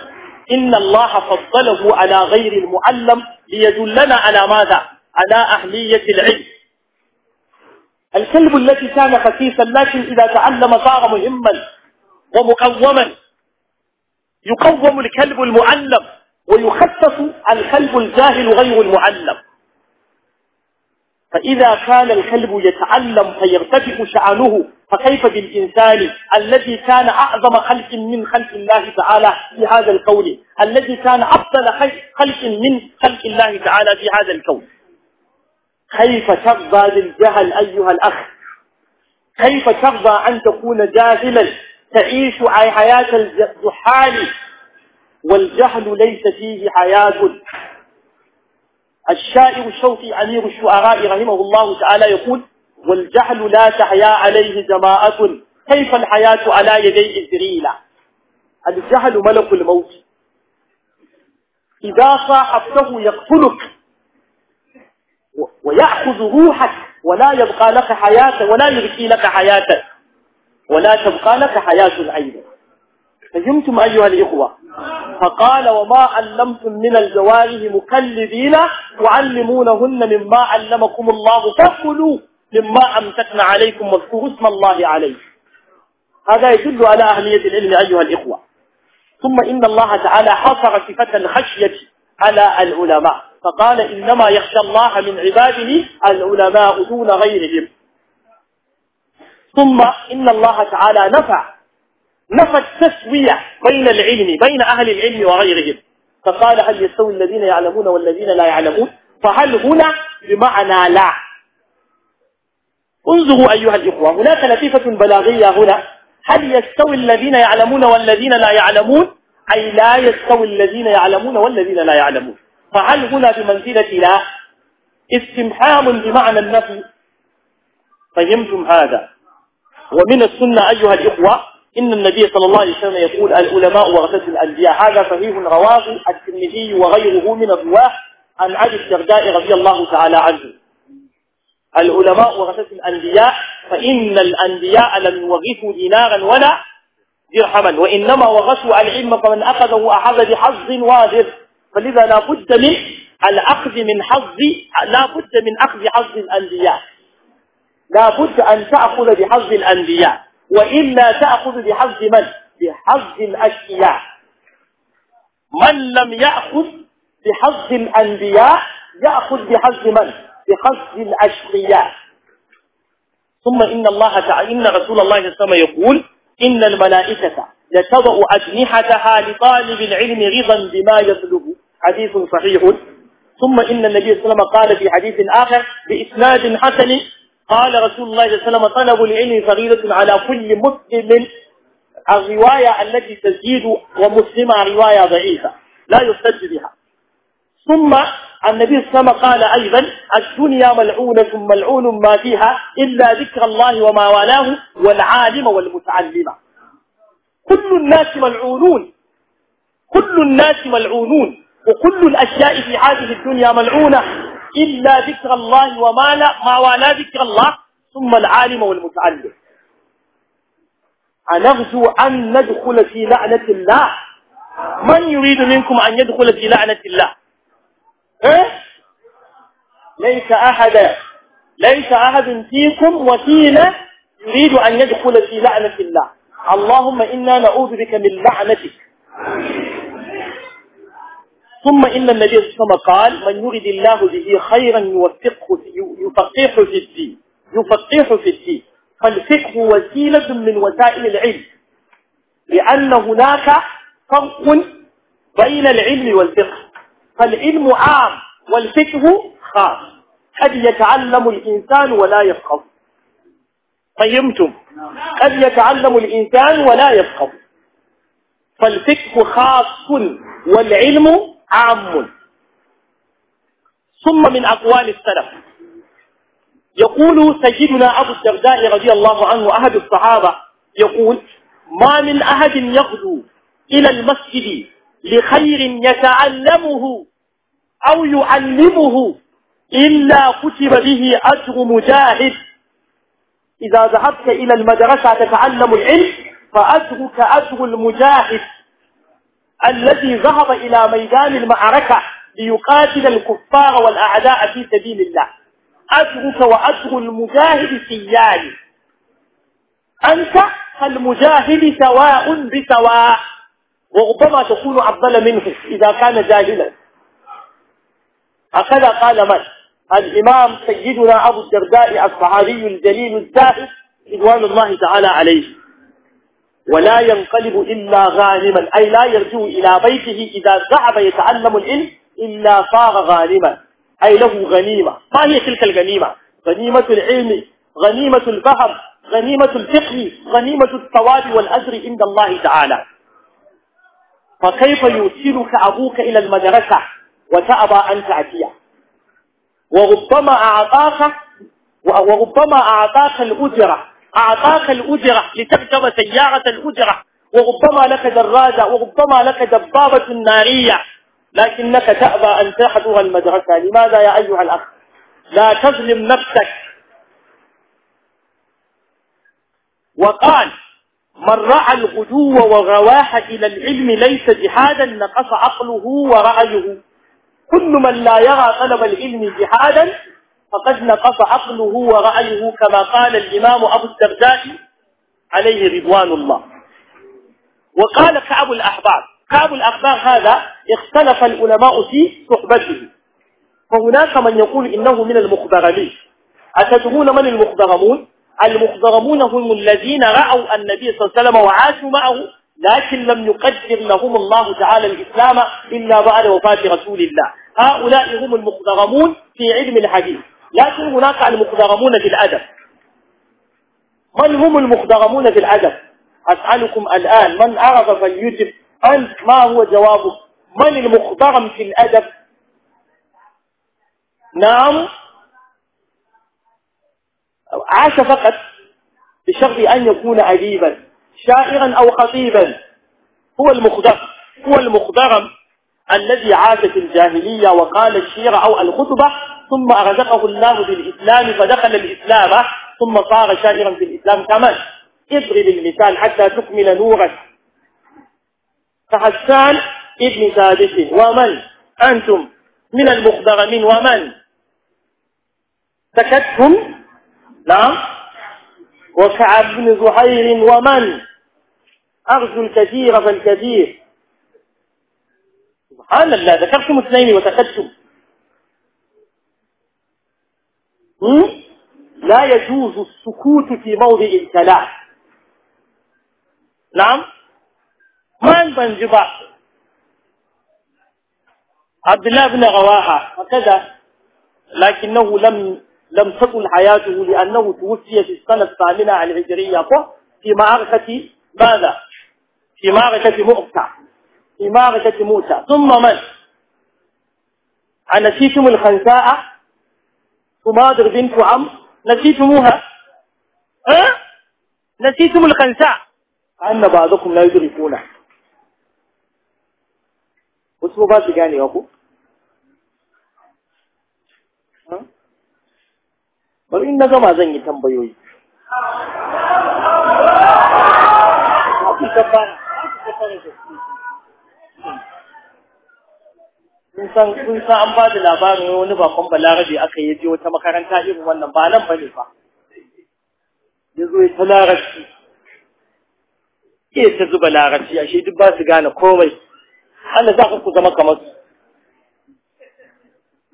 إن الله فضله على غير المعلم ليدلنا على ماذا؟ على أهلية العلم الكلب الذي كان خسيسا لكن إذا تعلم صار مهما ومقوما يقوم الكلب المعلم ويخفف الكلب الجاهل غير المعلم فإذا كان الكلب يتعلم فيرتفع شأنه فكيف بالإنسان الذي كان أعظم خلق من خلق الله تعالى في هذا الكون الذي كان أفضل خلق من خلق الله تعالى في هذا الكون كيف ترضى للجهل أيها الأخ كيف ترضى أن تكون جاهلا تعيش حياة الزحال والجهل ليس فيه حياة الشاعر الشوقي أمير الشعراء رحمه الله تعالى يقول والجهل لا تحيا عليه جماعة كيف الحياة على يدي إزريلا الجهل ملك الموت إذا صاحبته يقتلك ويأخذ روحك ولا يبقى لك حياة ولا يبقي لك حياة ولا تبقى لك حياة لك حياه عين فهمتم أيها الإخوة فقال وما علمتم من الجوارح مكلبين تعلمونهن مما علمكم الله فكلوا مما أمسكنا عليكم واذكروا اسم الله عليه هذا يدل على أهمية العلم أيها الإخوة ثم إن الله تعالى حصر صفة الخشية على العلماء فقال إنما يخشى الله من عباده العلماء دون غيرهم ثم إن الله تعالى نفع نفت تسوية بين العلم بين أهل العلم وغيرهم فقال هل يستوي الذين يعلمون والذين لا يعلمون فهل هنا بمعنى لا انظروا أيها الإخوة هناك لطيفة بلاغية هنا هل يستوي الذين يعلمون والذين لا يعلمون أي لا يستوي الذين يعلمون والذين لا يعلمون فهل هنا بمنزلة لا استمحام بمعنى النفي فهمتم هذا ومن السنة أيها الإخوة إن النبي صلى الله عليه وسلم يقول العلماء ورثة الأنبياء هذا صحيح رواه الترمذي وغيره من الرواح عن أبي الدرداء رضي الله تعالى عنه العلماء ورثة الأنبياء فإن الأنبياء لم يورثوا دينارا ولا درهما وإنما ورثوا العلم فمن أخذه أخذ بحظ واجب فلذا لا بد من الأخذ من حظ لا بد من أخذ حظ الأنبياء لا بد أن تأخذ بحظ الأنبياء وإلا تأخذ بحظ من بحظ الأشياء من لم يأخذ بحظ الأنبياء يأخذ بحظ من بحظ الأشقياء ثم إن الله تعالى إن رسول الله صلى الله عليه وسلم يقول إن الملائكة لتضع أجنحتها لطالب العلم رضا بما يطلب حديث صحيح ثم إن النبي صلى الله عليه وسلم قال في حديث آخر بإسناد حسن قال رسول الله صلى الله عليه وسلم طلب العلم فريضة على كل مسلم الرواية التي تزيد ومسلمة رواية ضعيفة لا يحتج بها ثم النبي صلى الله عليه وسلم قال أيضا الدنيا ملعونة ملعون ما فيها إلا ذكر الله وما والاه والعالم والمتعلم كل الناس ملعونون كل الناس ملعونون وكل الأشياء في هذه الدنيا ملعونة إلا ذكر الله وما لا ما ولا ذكر الله ثم العالم والمتعلم أنغزو أن ندخل في لعنة الله من يريد منكم أن يدخل في لعنة الله إيه؟ ليس أحد ليس أحد فيكم وفينا يريد أن يدخل في لعنة الله اللهم إنا نعوذ بك من لعنتك ثم إن النبي صلى الله عليه وسلم قال من يرد الله به خيرا يوفقه يفقه في الدين يفقه في الدين فالفقه وسيلة من وسائل العلم لأن هناك فرق بين العلم والفقه فالعلم عام والفقه خاص قد يتعلم الإنسان ولا يفقه فهمتم قد يتعلم الإنسان ولا يفقه فالفقه خاص والعلم عام ثم من أقوال السلف يقول سيدنا أبو الدرداء رضي الله عنه أحد الصحابة يقول ما من أحد يغدو إلى المسجد لخير يتعلمه أو يعلمه إلا كتب به أجر مجاهد إذا ذهبت إلى المدرسة تتعلم العلم فأجرك أجر المجاهد الذي ذهب إلى ميدان المعركة ليقاتل الكفار والأعداء في سبيل الله أجرك وأجر المجاهد سيان أنت المجاهد سواء بسواء وربما تكون أفضل منه إذا كان جاهلا هكذا قال من الإمام سيدنا أبو الدرداء الصحابي الجليل الزاهد رضوان الله تعالى عليه ولا ينقلب إلا غانما أي لا يرجع إلى بيته إذا ذهب يتعلم العلم إلا صار غانما أي له غنيمة ما هي تلك الغنيمة غنيمة العلم غنيمة الفهم غنيمة الفقه غنيمة الثواب والأجر عند الله تعالى فكيف يوصلك أبوك إلى المدرسة وتأبى أن تأتيه وربما أعطاك وربما أعطاك الأجرة أعطاك الأجرة لتركب سيارة الأجرة وربما لك دراجة وربما لك دبابة نارية لكنك تأبى أن تحضر المدرسة لماذا يا أيها الأخ لا تظلم نفسك وقال من رعى الغدو وغواح إلى العلم ليس جهادا نقص عقله ورأيه كل من لا يرى طلب العلم جهادا فقد نقص عقله ورأيه كما قال الإمام أبو الدرداء عليه رضوان الله وقال كعب الأحبار كعب الأحبار هذا اختلف العلماء في صحبته فهناك من يقول إنه من المخبرمين أتدرون من المخبرمون؟ المخضرمون هم الذين رأوا النبي صلى الله عليه وسلم وعاشوا معه لكن لم يقدر لهم الله تعالى الإسلام إلا بعد وفاة رسول الله هؤلاء هم المخضرمون في علم الحديث لكن هناك المخضرمون في الأدب من هم المخضرمون في الأدب أسألكم الآن من عرف فليجب أنت ما هو جوابك من المخضرم في الأدب نعم عاش فقط بشرط أن يكون أديبا شاعرا أو خطيبا هو المخضرم هو المخضرم الذي عاش في الجاهلية وقال الشيرة أو الخطبة ثم أرزقه الله بالإسلام فدخل الإسلام ثم صار شاعرا في الإسلام كمان اضرب المثال حتى تكمل نورك فحسان ابن سادس ومن أنتم من المخضرمين ومن سكتهم نعم وكعب بن زهير ومن أرجو الكثير فالكثير سبحان الله ذكرتم اثنين وسكتتم إيه؟ لا يجوز السكوت في موضع الكلام نعم من بنجبع عبد الله بن رواحة هكذا لكنه لم لم تطل حياته لأنه توفي في السنة الثامنة على الهجرية في معركة ماذا؟ في معركة مؤتة في معركة موسى ثم من؟ أنسيتم الخنساء سمادر بنت عم نسيتموها ها أه؟ نسيتم الخنساء أن بعضكم لا يدركونه واسمه ba su ganewa ko? bari ها na gama zan yi Thank you. Sun san an ba da labarin wani bakon balarabe aka yi je wata makaranta irin wannan ba nan bane ba ya zo ya ta larabci iya ta zuba larabci ashe duk ba su gane komai Allah za ku zama kamar su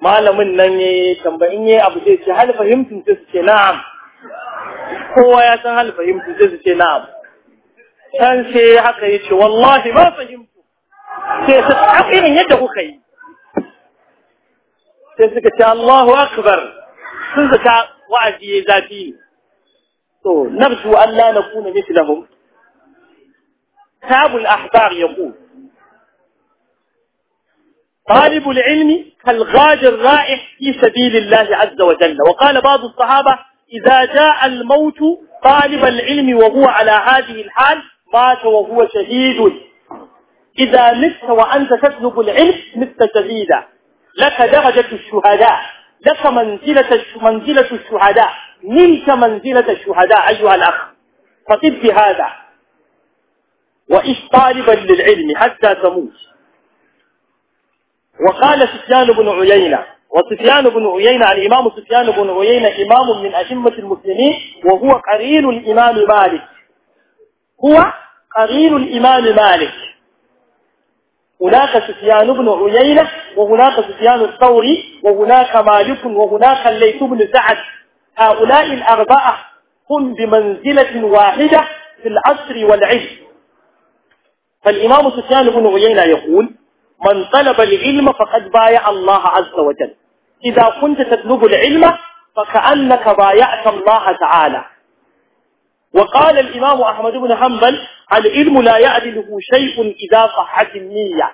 malamin nan ya yi tambayin ya abu zai ce hal fahimtun sai su ce na'am kowa ya san hal fahimtun sai su ce na'am can sai haka ya ce wallahi ba fahimtu sai su irin yadda kuka yi sai الله أكبر Allahu وعدي ذاتي نرجو أن لا نكون مثلهم كتاب الأحبار يقول طالب العلم كالغاج الرائح في سبيل الله عز وجل وقال بعض الصحابة إذا جاء الموت طالب العلم وهو على هذه الحال مات وهو شهيد إذا مت وأنت تطلب العلم مت شهيدا لك درجة الشهداء لك منزلة منزلة الشهداء منك منزلة الشهداء أيها الأخ فطب هذا وإش طالبا للعلم حتى تموت وقال سفيان بن عيينة وسفيان بن عيينة الإمام سفيان بن عيينة إمام من أئمة المسلمين وهو قرين الإمام مالك هو قرين الإمام مالك هناك سفيان بن عيينة وهناك سفيان الثوري وهناك مالك وهناك الليث بن سعد هؤلاء الأربعة هم بمنزلة واحدة في العصر والعلم فالإمام سفيان بن عيينة يقول من طلب العلم فقد بايع الله عز وجل إذا كنت تطلب العلم فكأنك بايعت الله تعالى وقال الإمام أحمد بن حنبل العلم لا يعدله شيء إذا صحت النية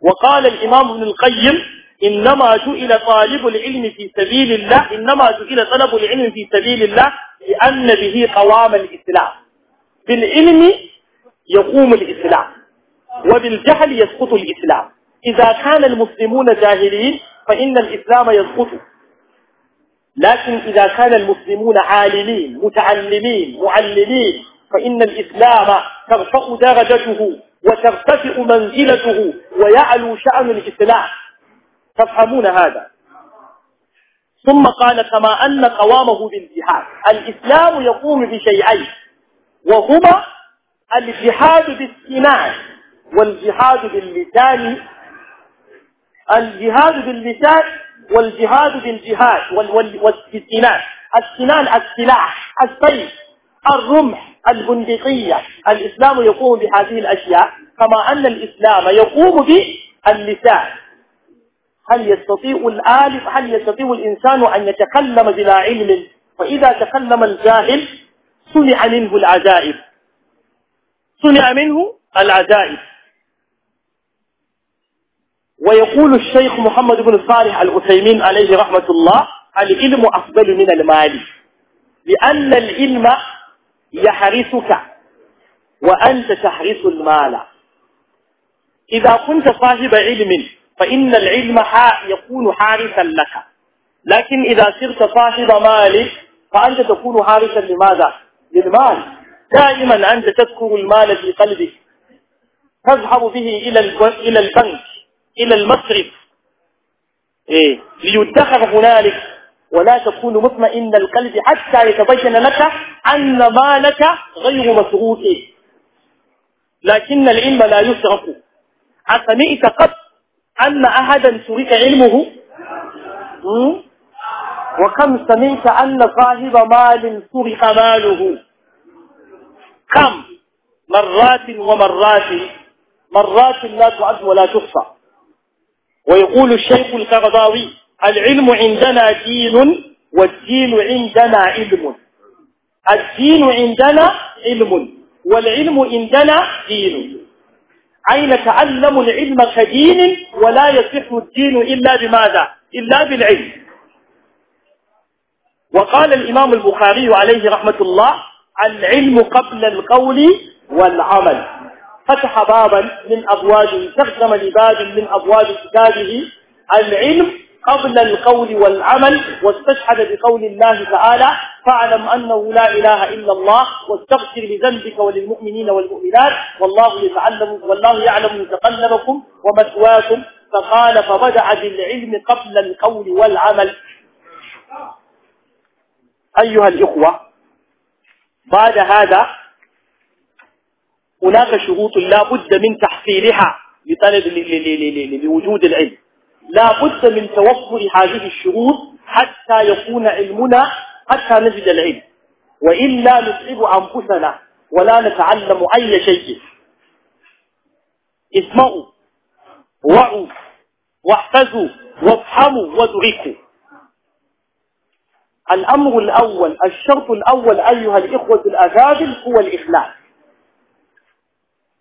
وقال الإمام ابن القيم إنما جئل طالب العلم في سبيل الله إنما جئل طلب العلم في سبيل الله لأن به قوام الإسلام بالعلم يقوم الإسلام وبالجهل يسقط الإسلام إذا كان المسلمون جاهلين فإن الإسلام يسقط لكن إذا كان المسلمون عالمين متعلمين معلمين فإن الإسلام ترفع درجته وترتفع منزلته ويعلو شأن الإسلام تفهمون هذا ثم قال كما أن قوامه بالجهاد الإسلام يقوم بشيئين وهما الجهاد بالسنان والجهاد باللسان الجهاد باللسان والجهاد بالجهاد والسنان السنان السلاح السيف الرمح البندقية الإسلام يقوم بهذه الأشياء كما أن الإسلام يقوم باللسان هل يستطيع الآلف هل يستطيع الإنسان أن يتكلم بلا علم فإذا تكلم الجاهل صنع منه العجائب صنع منه العجائب ويقول الشيخ محمد بن صالح العثيمين عليه رحمة الله العلم أفضل من المال لأن العلم يحرسك وأنت تحرس المال إذا كنت صاحب علم فإن العلم يكون حارسا لك لكن إذا صرت صاحب مال فأنت تكون حارسا لماذا؟ للمال دائما أنت تذكر المال في قلبك تذهب به إلى البنك إلى المصرف إيه ليتخذ هنالك ولا تكون مطمئن القلب حتى يتبين لك أن مالك غير مسروق لكن العلم لا يسرق أسمعت قط أن أحدا سرق علمه وكم سمعت أن صاحب مال سرق ماله كم مرات ومرات مرات لا تعد ولا تحصى ويقول الشيخ الكرباوي العلم عندنا دين والدين عندنا علم الدين عندنا علم والعلم عندنا دين أي نتعلم العلم كدين ولا يصح الدين إلا بماذا إلا بالعلم وقال الإمام البخاري عليه رحمة الله العلم قبل القول والعمل فتح بابا من أبواب تخدم لباب من أبواب كتابه العلم قبل القول والعمل واستشهد بقول الله تعالى فاعلم أنه لا إله إلا الله واستغفر لذنبك وللمؤمنين والمؤمنات والله يتعلم والله يعلم متقلبكم ومثواكم فقال فبدع بالعلم قبل القول والعمل أيها الإخوة بعد هذا هناك شروط لا بد من تحصيلها لطلب لوجود العلم لا بد من توفر هذه الشروط حتى يكون علمنا حتى نجد العلم وإلا نتعب أنفسنا ولا نتعلم أي شيء اسمعوا وعوا واحفزوا وافهموا وادركوا الأمر الأول الشرط الأول أيها الإخوة الأجابل هو الإخلاص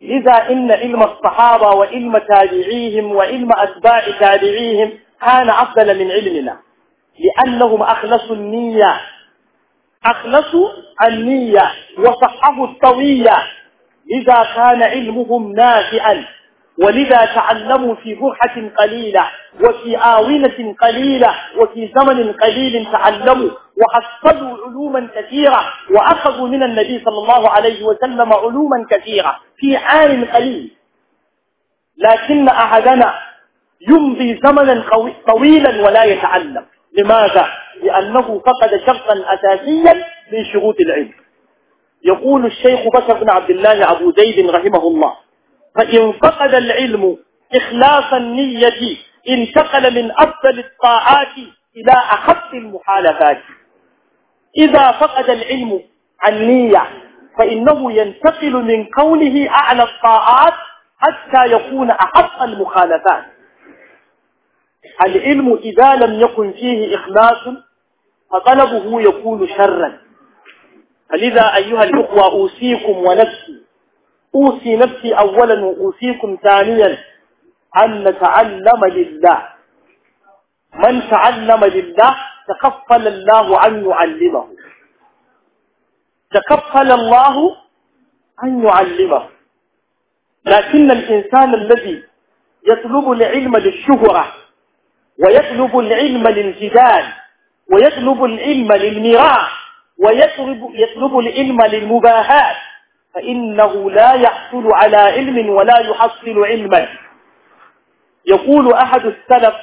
لذا إن علم الصحابة وعلم تابعيهم وعلم أتباع تابعيهم كان أفضل من علمنا لأنهم أخلصوا النية أخلصوا النية وصححوا الطوية لذا كان علمهم نافعا ولذا تعلموا في فرحة قليلة وفي آونة قليلة وفي زمن قليل تعلموا وحصلوا علوما كثيرة وأخذوا من النبي صلى الله عليه وسلم علوما كثيرة في عام قليل لكن أحدنا يمضي زمنا طويلا ولا يتعلم لماذا؟ لأنه فقد شرطا أساسيا من شروط العلم يقول الشيخ بكر بن عبد الله أبو زيد رحمه الله فإن فقد العلم إخلاص النية انتقل من أفضل الطاعات إلى أخف المحالفات إذا فقد العلم النية فإنه ينتقل من كونه أعلى الطاعات حتى يكون أحق المخالفات العلم إذا لم يكن فيه إخلاص فطلبه يكون شرا فلذا أيها الأخوة أوصيكم ونفسي أوصي نفسي أولا وأوصيكم ثانيا أن نتعلم لله من تعلم لله تكفل الله أن يعلمه تكفل الله أن يعلمه لكن الإنسان الذي يطلب العلم للشهرة ويطلب العلم للجدال ويطلب العلم للمراء ويطلب يطلب العلم للمباهات فإنه لا يحصل على علم ولا يحصل علما يقول أحد السلف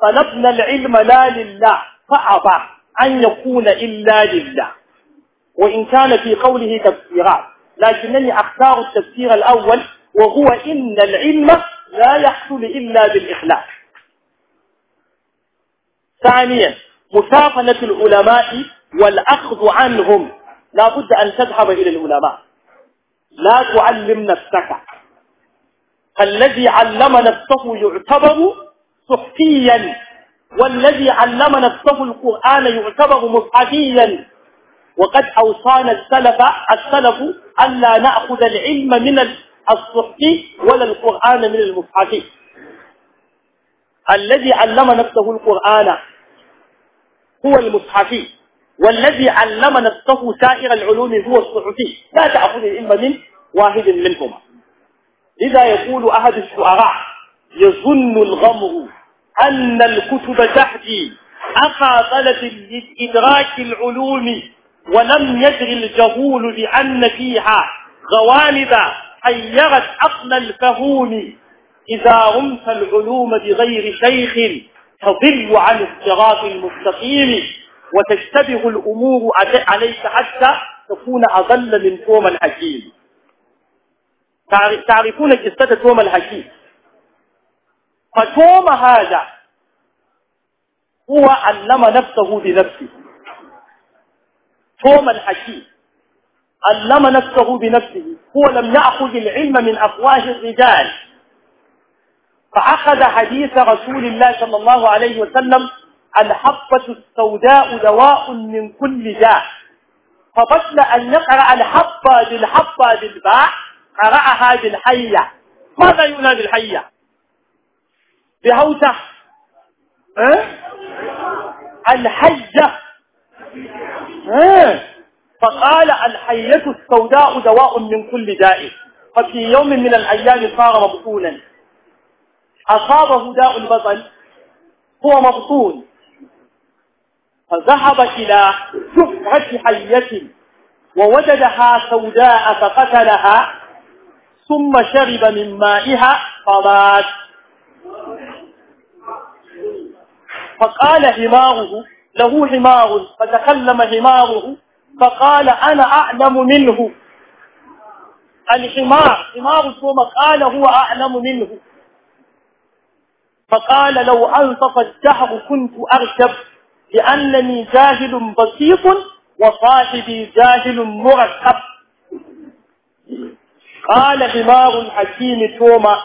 طلبنا العلم لا لله فأبى أن يكون إلا لله وإن كان في قوله تفسيرات لكنني أختار التفسير الأول وهو إن العلم لا يحصل إلا بالإخلاص ثانيا مسافنة العلماء والأخذ عنهم لا بد أن تذهب إلى العلماء لا تعلم نفسك الذي علم نفسه يعتبر صحيا والذي علم نفسه القرآن يعتبر مصحفيا وقد أوصانا السلف السلف ألا نأخذ العلم من الصحف ولا القرآن من المصحف الذي علم نفسه القرآن هو المصحفي والذي علم نفسه سائر العلوم هو الصحفي لا تأخذ العلم من واحد منهما إذا يقول أحد الشعراء يظن الغمر أن الكتب تحدي أخا طلب لإدراك العلوم ولم يجري الجهول لأن فيها غوالب حيرت عقل الفهوم إذا رمت العلوم بغير شيخ تضل عن الصراط المستقيم وتشتبه الأمور عليك حتى تكون أضل من توم الحكيم تعرفون قصة توم الحكيم فتوما هذا هو علم نفسه بنفسه توم الحكيم علم نفسه بنفسه هو لم يأخذ العلم من أفواه الرجال فأخذ حديث رسول الله صلى الله عليه وسلم الحبة السوداء دواء من كل داء فبدل أن يقرأ الحبة بالحبة بالباء قرأها بالحية ماذا ينادي الحية بهوسة أه؟ الحجة أه؟ فقال الحية السوداء دواء من كل داء ففي يوم من الأيام صار مبطونا أصابه داء البطل هو مبطون فذهب إلى شفعة حية ووجدها سوداء فقتلها ثم شرب من مائها فمات فقال حماره له حمار فتكلم حماره فقال أنا أعلم منه الحمار حمار ثم قال هو أعلم منه فقال لو أنصف الدهر كنت أركب لأنني جاهل بسيط وصاحبي جاهل مركب قال حمار الحكيم توما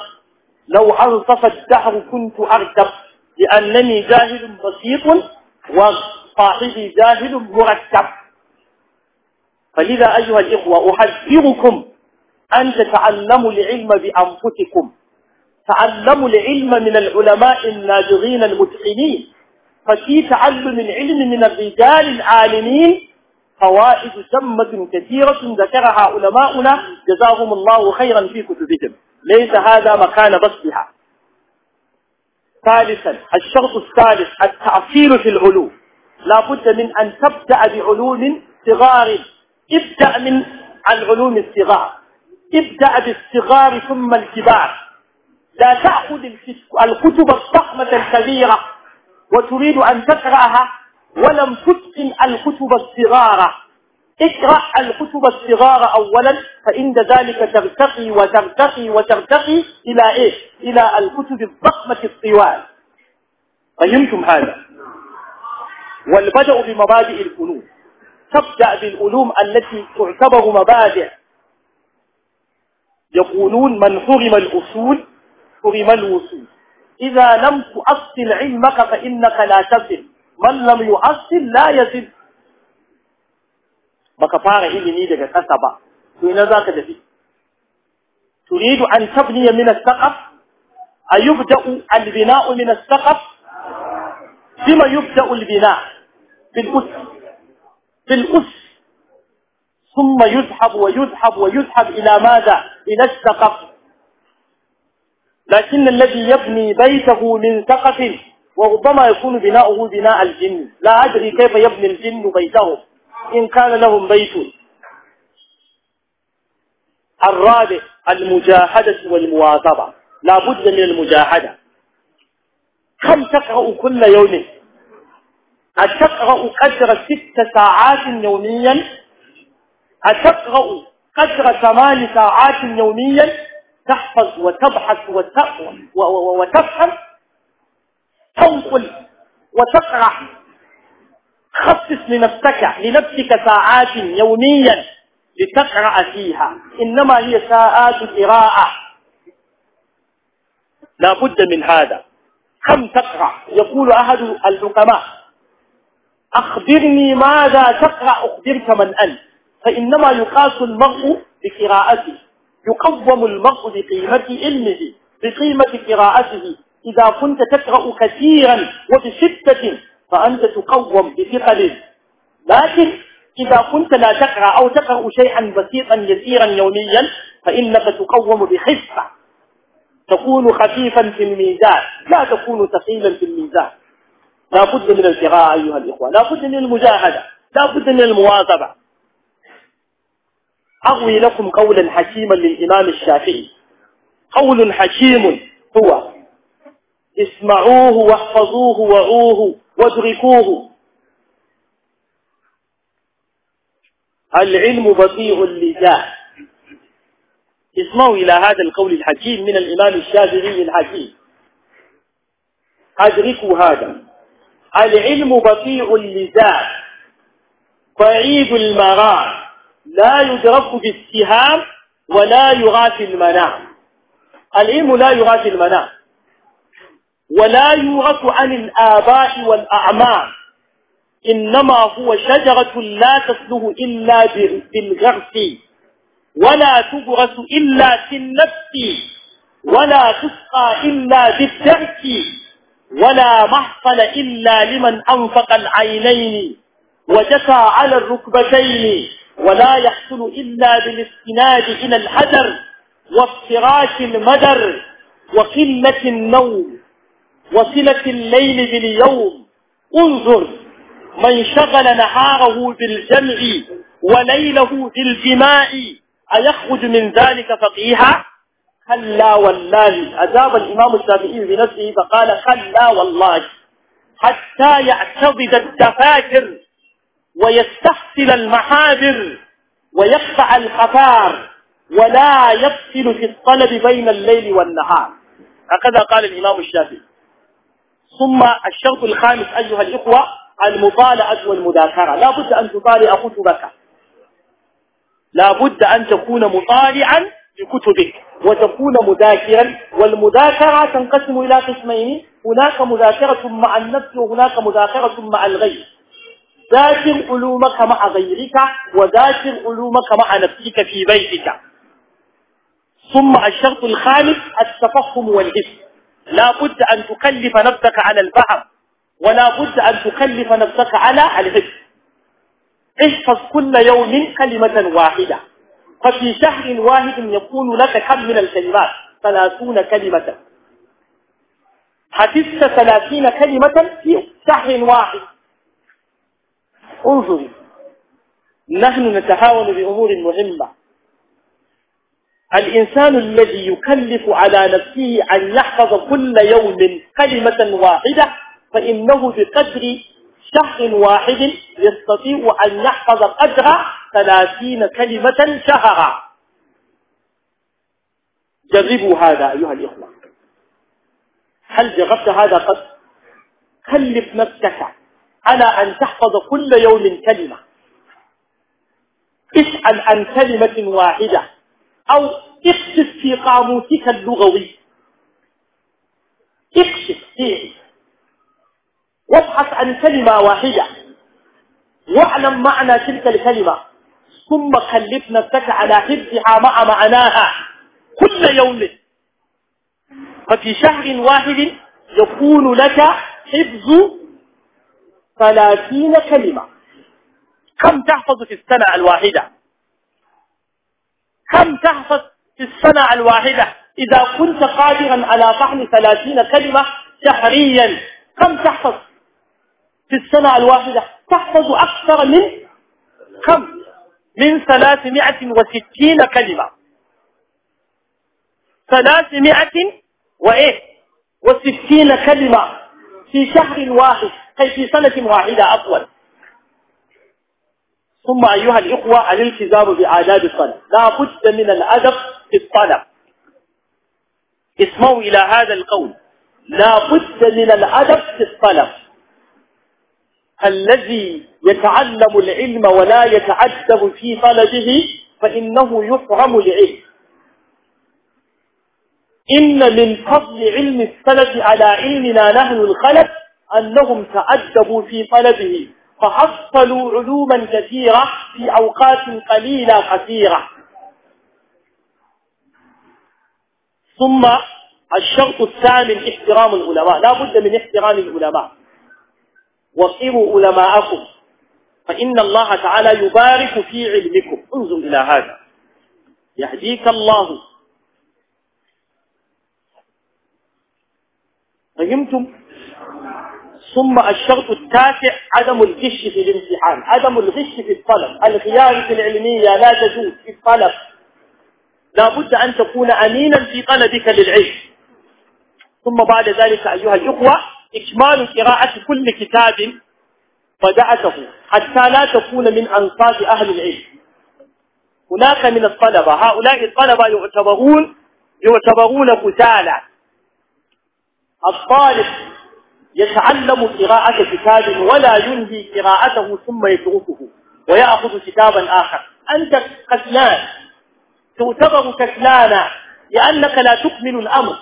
لو أنصف الدهر كنت أركب لأنني جاهل بسيط وصاحبي جاهل مركب فلذا أيها الإخوة أحذركم أن تتعلموا العلم بأنفسكم تعلموا العلم من العلماء الناجغين المتقنين ففي تعلم العلم من الرجال العالمين فوائد جمة كثيرة ذكرها علماؤنا جزاهم الله خيرا في كتبهم ليس هذا مكان بسطها ثالثا الشرط الثالث التأصيل في العلوم لا بد من أن تبدأ بعلوم صغار ابدأ من العلوم الصغار ابدأ بالصغار ثم الكبار لا تأخذ الكتب الضخمة الكبيرة وتريد أن تقرأها ولم تتقن الكتب الصغار اقرأ الكتب الصغار أولا فإن ذلك ترتقي وترتقي وترتقي إلى إيه؟ إلى الكتب الضخمة الطوال فهمتم هذا والبدء بمبادئ الفنون تبدأ بالعلوم التي تعتبر مبادئ يقولون من حرم الأصول حرم الوصول إذا لم تؤصل علمك فإنك لا تصل من لم يؤصل لا يزل baka fara ilimi daga kasa ba to ina zaka dafi turidu an tabniya min as-saqaf ayubda'u al-bina'u min as-saqaf bima yubda'u al-bina' bil us bil us thumma yuzhab wa yuzhab wa yuzhab ila madha ila as-saqaf لكن الذي يبني بيته من سقف وربما يكون بناؤه بناء الجن لا أدري كيف يبني الجن بيته إن كان لهم بيت الرابع المجاهدة والمواظبة لا بد من المجاهدة كم تقرأ كل يوم أتقرأ قدر ست ساعات يوميا أتقرأ قدر ثمان ساعات يوميا تحفظ وتبحث وتقرأ وتفهم تنقل وتقرأ خصص لنفسك لنفسك ساعات يوميا لتقرأ فيها إنما هي ساعات قراءة لا بد من هذا كم تقرأ يقول أحد الحكماء أخبرني ماذا تقرأ أخبرك من أنت فإنما يقاس المرء بقراءته يقوم المرء بقيمة علمه بقيمة قراءته إذا كنت تقرأ كثيرا وبشدة فأنت تقوم بثقل لكن إذا كنت لا تقرأ أو تقرأ شيئا بسيطا يسيرا يوميا فإنك تقوم بخفة تكون خفيفا في الميزان لا تكون ثقيلا في الميزان لا بد من القراءة أيها الإخوة لا بد من المجاهدة لا بد من المواظبة أروي لكم قولا حكيما للإمام الشافعي قول حكيم هو اسمعوه واحفظوه وعوه وادركوه العلم بطيء اللسان اسمعوا إلى هذا القول الحكيم من الإمام الشافعي الحكيم أدركوا هذا العلم بطيء اللسان بعيد المرار لا يدرك بالسهام ولا يغاث المنام العلم لا يغاث المنام ولا يورث عن الآباء والأعمام إنما هو شجرة لا تسله إلا بالغرس ولا تبرس إلا في النفس ولا تسقى إلا بالترك ولا محصل إلا لمن أنفق العينين وجسى على الركبتين ولا يحصل إلا بالاستناد إلى الحجر وافتراش المدر وقلة النوم وصلة الليل باليوم انظر من شغل نهاره بالجمع وليله بالجماع أيخرج من ذلك فقيها كلا والله أجاب الإمام الشافعي بنفسه فقال كلا والله حتى يعتضد الدفاتر ويستحصل المحابر ويقطع الحفار ولا يفصل في الطلب بين الليل والنهار هكذا قال الإمام الشافعي ثم الشرط الخامس أيها الإخوة المطالعة والمذاكرة لا بد أن تطالع كتبك لا بد أن تكون مطالعا لكتبك وتكون مذاكرا والمذاكرة تنقسم إلى قسمين هناك مذاكرة مع النفس وهناك مذاكرة مع الغير ذاكر علومك مع غيرك وذاكر علومك مع نفسك في بيتك ثم الشرط الخامس التفهم والإسم لا بد أن تكلف نفسك على الفهم ولا بد أن تكلف نفسك على الحفظ احفظ كل يوم كلمة واحدة ففي شهر واحد يكون لك كم من الكلمات ثلاثون كلمة حفظت ثلاثين كلمة في شهر واحد انظري نحن نتهاون بأمور مهمة الإنسان الذي يكلف على نفسه أن يحفظ كل يوم كلمة واحدة فإنه بقدر شهر واحد يستطيع أن يحفظ قدر ثلاثين كلمة شهرا جربوا هذا أيها الإخوة هل جربت هذا قد كلف نفسك على أن تحفظ كل يوم كلمة اسأل عن كلمة واحدة أو اكشف في قاموسك اللغوي اكشف فيه وابحث عن كلمة واحدة واعلم معنى تلك الكلمة ثم كلف نفسك على حفظها مع معناها كل يوم ففي شهر واحد يكون لك حفظ ثلاثين كلمة كم تحفظ في السنة الواحدة كم تحفظ في السنة الواحدة إذا كنت قادرا على فهم ثلاثين كلمة شهريا كم تحفظ في السنة الواحدة تحفظ أكثر من كم من ثلاثمائة وستين كلمة ثلاثمائة وإيه وستين كلمة في شهر واحد أي في سنة واحدة أطول ثم أيها الإخوة الالتزام بآداب الطلب لا بد من الأدب في الطلب اسمعوا إلى هذا القول لا بد من الأدب في الطلب الذي يتعلم العلم ولا يتعذب في طلبه فإنه يحرم العلم إن من فضل علم السلف على علمنا نحن الخلف أنهم تعذبوا في طلبه فحصلوا علوما كثيرة في أوقات قليلة قصيرة ثم الشرط الثامن احترام العلماء لا بد من احترام العلماء وصيروا علماءكم فإن الله تعالى يبارك في علمكم انظر إلى هذا يهديك الله فهمتم ثم الشرط التاسع عدم الغش في الامتحان عدم الغش في الطلب الخيارة العلمية لا تجوز في الطلب لا بد أن تكون أمينا في طلبك للعلم ثم بعد ذلك أيها الإخوة إكمال قراءة كل كتاب بدأته حتى لا تكون من أنصاف أهل العلم هناك من الطلبة هؤلاء الطلبة يعتبرون يعتبرون قتالا. الطالب يتعلم قراءة كتاب ولا ينهي قراءته ثم يتركه ويأخذ كتابا آخر أنت كسلان تعتبر كسلانا لأنك لا تكمل الأمر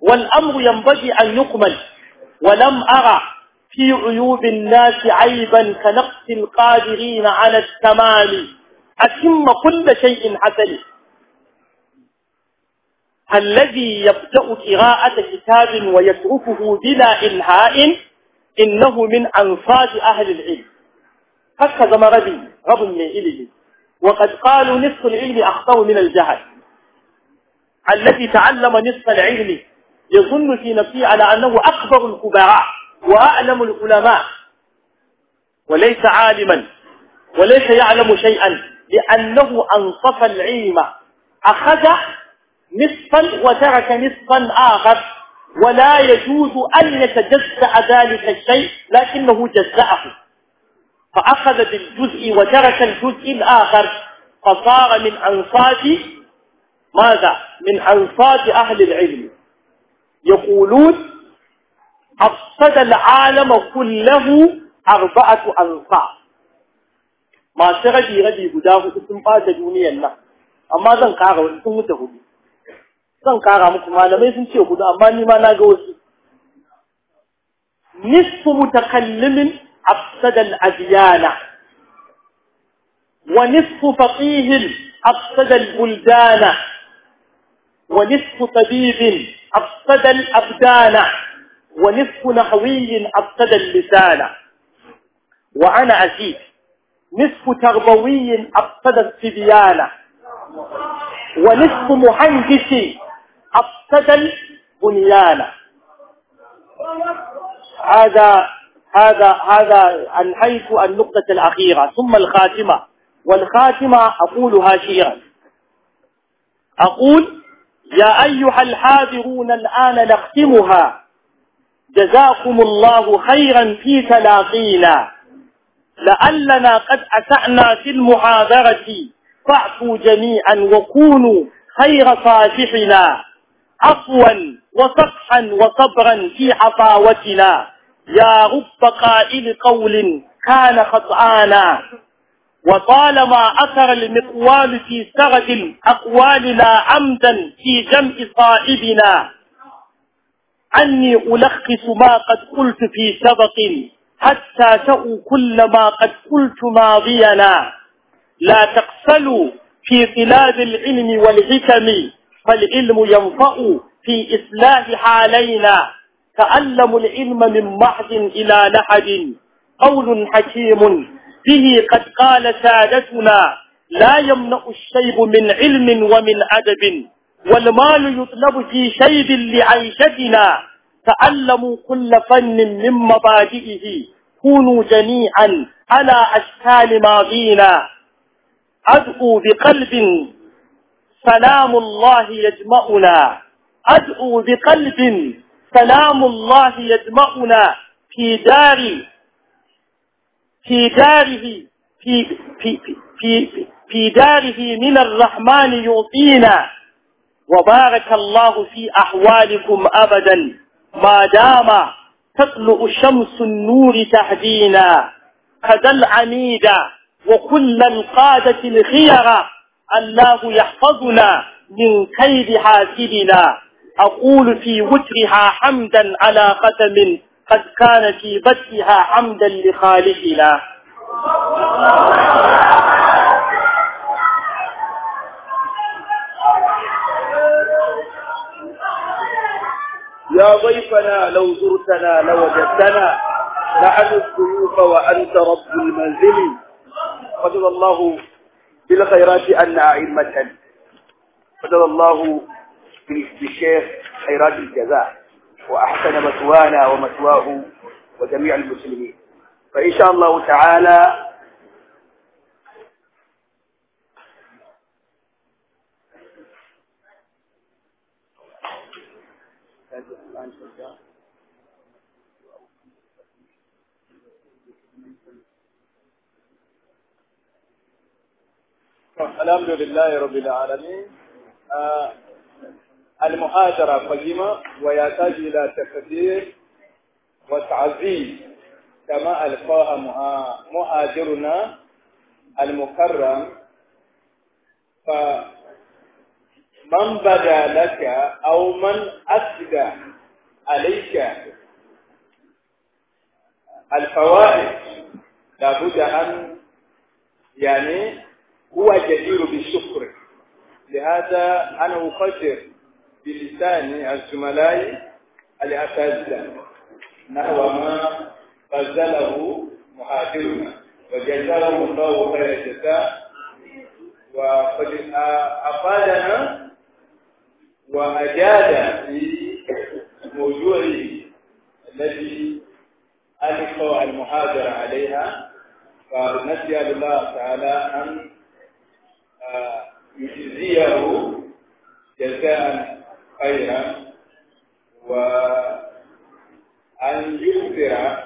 والأمر ينبغي أن يكمل ولم أرى في عيوب الناس عيبا كنقص القادرين على التمام أتم كل شيء حسنه الذي يبدأ قراءة كتاب ويتركه بلا إلهاء إنه من انصاف أهل العلم هكذا مرضي رب من إله وقد قالوا نصف العلم أخطأ من الجهل الذي تعلم نصف العلم يظن في نفسه على أنه أكبر الكبراء وأعلم العلماء وليس عالما وليس يعلم شيئا لأنه أنصف العلم أخذ نصفا وترك نصفا آخر ولا يجوز أن يتجزأ ذلك الشيء لكنه جزأه فأخذ بالجزء وترك الجزء الآخر فصار من أنصاف ماذا؟ من أنصاف أهل العلم يقولون أفسد العالم كله أربعة أنصاف ما شغلي غدي قداه اسم بات دوني له أما ذنقاره اسمه تهدي zan kara muku malamai sun ce hudu amma ni ma na ga wasu nisfu mutakallimin afsada al-adyana wa nisfu faqihin afsada al-buldana wa nisfu tabibin afsada al-abdana wa nisfu nahwiyin afsada al-lisana wa ana asid نصف تربوي أفسد السبيانة ونصف مهندسي مؤسسا بنيانا هذا هذا هذا عن حيث النقطة الأخيرة ثم الخاتمة والخاتمة أقولها شيئا أقول يا أيها الحاضرون الآن نختمها جزاكم الله خيرا في تلاقينا لعلنا قد أسأنا في المحاضرة فاعفوا جميعا وكونوا خير صافحنا عفوا وصفحا وصبرا في عطاوتنا يا رب قائل قول كان خطآنا وطالما أثر المقوال في سرد الأقوال لا عمدا في جمع صائبنا أني ألخص ما قد قلت في سبق حتى تأوا كل ما قد قلت ماضينا لا تقفلوا في طلاب العلم والحكم فالعلم ينفع في إصلاح حالينا تعلموا العلم من محض إلى لحد قول حكيم به قد قال سادتنا لا يمنع الشيب من علم ومن أدب والمال يطلب في شيب لعيشتنا تعلموا كل فن من مبادئه كونوا جميعا على أشكال ماضينا أدعو بقلب سلام الله يجمعنا أدعو بقلب سلام الله يجمعنا في دار في داره في في في في داره من الرحمن يعطينا وبارك الله في أحوالكم أبدا ما دام تطلع شمس النور تهدينا كذا العميد وكل القادة الخيرة الله يحفظنا من كيد حاسدنا أقول في وترها حمدا على قدم قد كان في بثها حمدا لخالقنا يا ضيفنا لو زرتنا لوجدتنا نحن الضيوف وأنت رب المنزل قدر الله بالخيرات أن أئمة بدل الله بالشيخ خيرات الجزاء وأحسن مثوانا ومثواه وجميع المسلمين فإن شاء الله تعالى الحمد لله رب العالمين آه المهاجرة قديمة ويحتاج إلى تقدير وتعزيز كما ألقاها مهاجرنا المكرم فمن بدا لك أو من أسدى عليك الفوائد لابد أن يعني هو جدير بالشكر لهذا أنا أقدر بلسان الزملاء الأساتذة نحو ما غزله محاضرنا وجزاهم الله خير الجزاء وقد أفادنا وأجاد في الموضوع الذي ألقى المحاضرة عليها فنسأل الله تعالى أن يجزيه جزاء خيرا وأن يكثر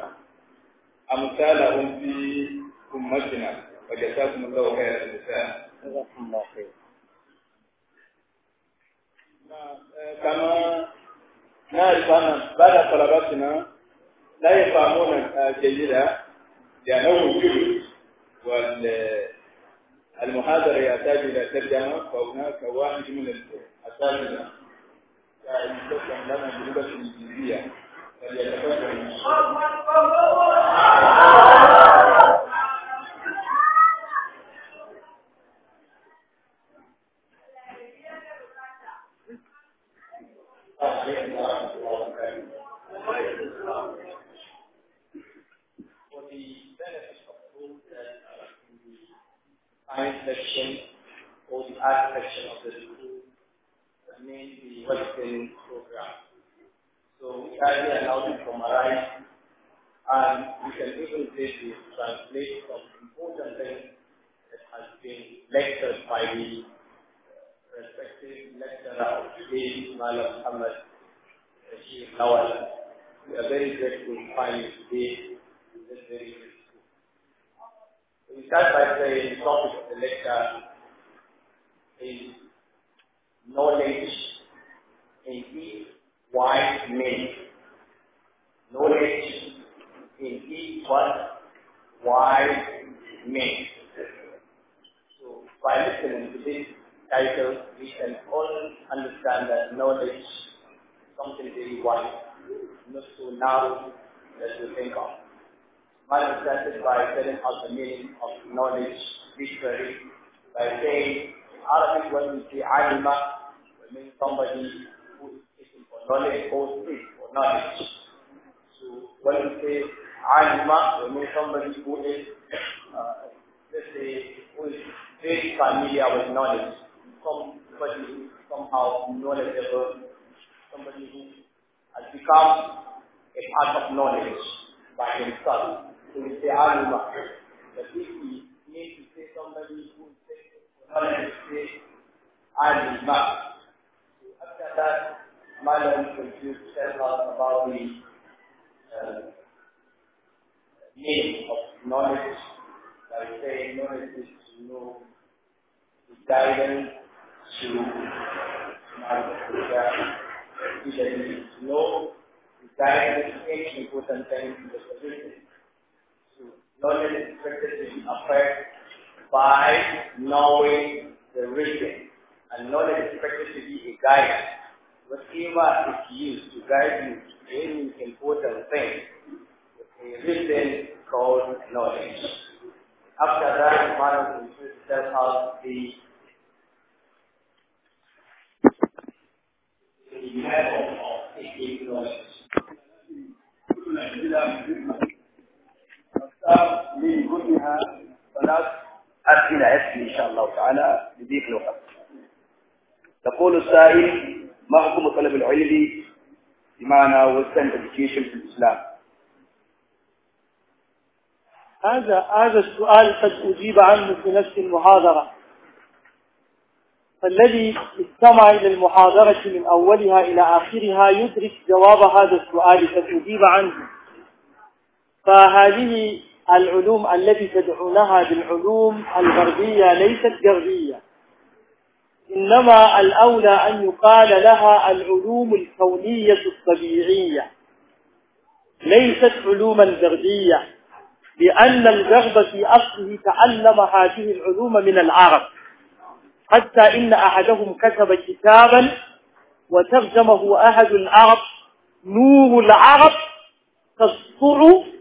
أمثالهم في أمتنا وجزاكم الله خيرا النساء جزاكم الله خير نعم، كما نعرف أن بعض طلباتنا لا يفهمون جيدا لأنهم جهل المحاضرة يحتاج إلى ترجمة فهناك واحد من الأساتذة قاعد يتكلم لنا بلغة الإنجليزية فليتفهم science section or the art section of the school remains the Western program. So we are here now to formalize and we can even say to translate some important things that has been lectured by the uh, respective lecturer of today, Malam Ahmed Rashid Nawal. We are very grateful to find you today in this very we start by saying the topic of the lecture is knowledge in each wise men. Knowledge in each what? Wise men. So by listening to this title, we can all understand that knowledge is something very wide, not so narrow that we think of. One addresses by telling us the meaning of knowledge, literally, by saying Arabic when we say alima, it means somebody who is seeking for knowledge or seek for knowledge. So when we say alima, it means somebody who is, uh, let's say, who is very familiar with knowledge. Somebody who is somehow knowledgeable, somebody who has become a part of knowledge by himself to the Alba. But if we need to say somebody who takes knowledge, say Alba. So after that, my continues to tell us about the uh, name of knowledge. By saying knowledge is to know, to guidance, to knowledge to know, to guidance, any important thing in the solution knowledge is expected to be acquired by knowing the reason. And knowledge is expected to be a guide. Whatever is used to guide you to any important thing, a reason called knowledge. After that, one of the tell us the level of taking knowledge. ثلاث أسئلة أسئلة إن شاء الله تعالى لضيق الوقت يقول السائل ما حكم طلب العلم بمعنى وستن education في الإسلام هذا هذا السؤال قد أجيب عنه في نفس المحاضرة فالذي استمع إلى المحاضرة من أولها إلى آخرها يدرك جواب هذا السؤال قد أجيب عنه فهذه العلوم التي تدعونها بالعلوم الغربية ليست غربية إنما الأولى أن يقال لها العلوم الكونية الطبيعية ليست علوما غربية لأن الغرب في أصله تعلم هذه العلوم من العرب حتى إن أحدهم كتب كتابا وترجمه أحد العرب نور العرب تسطع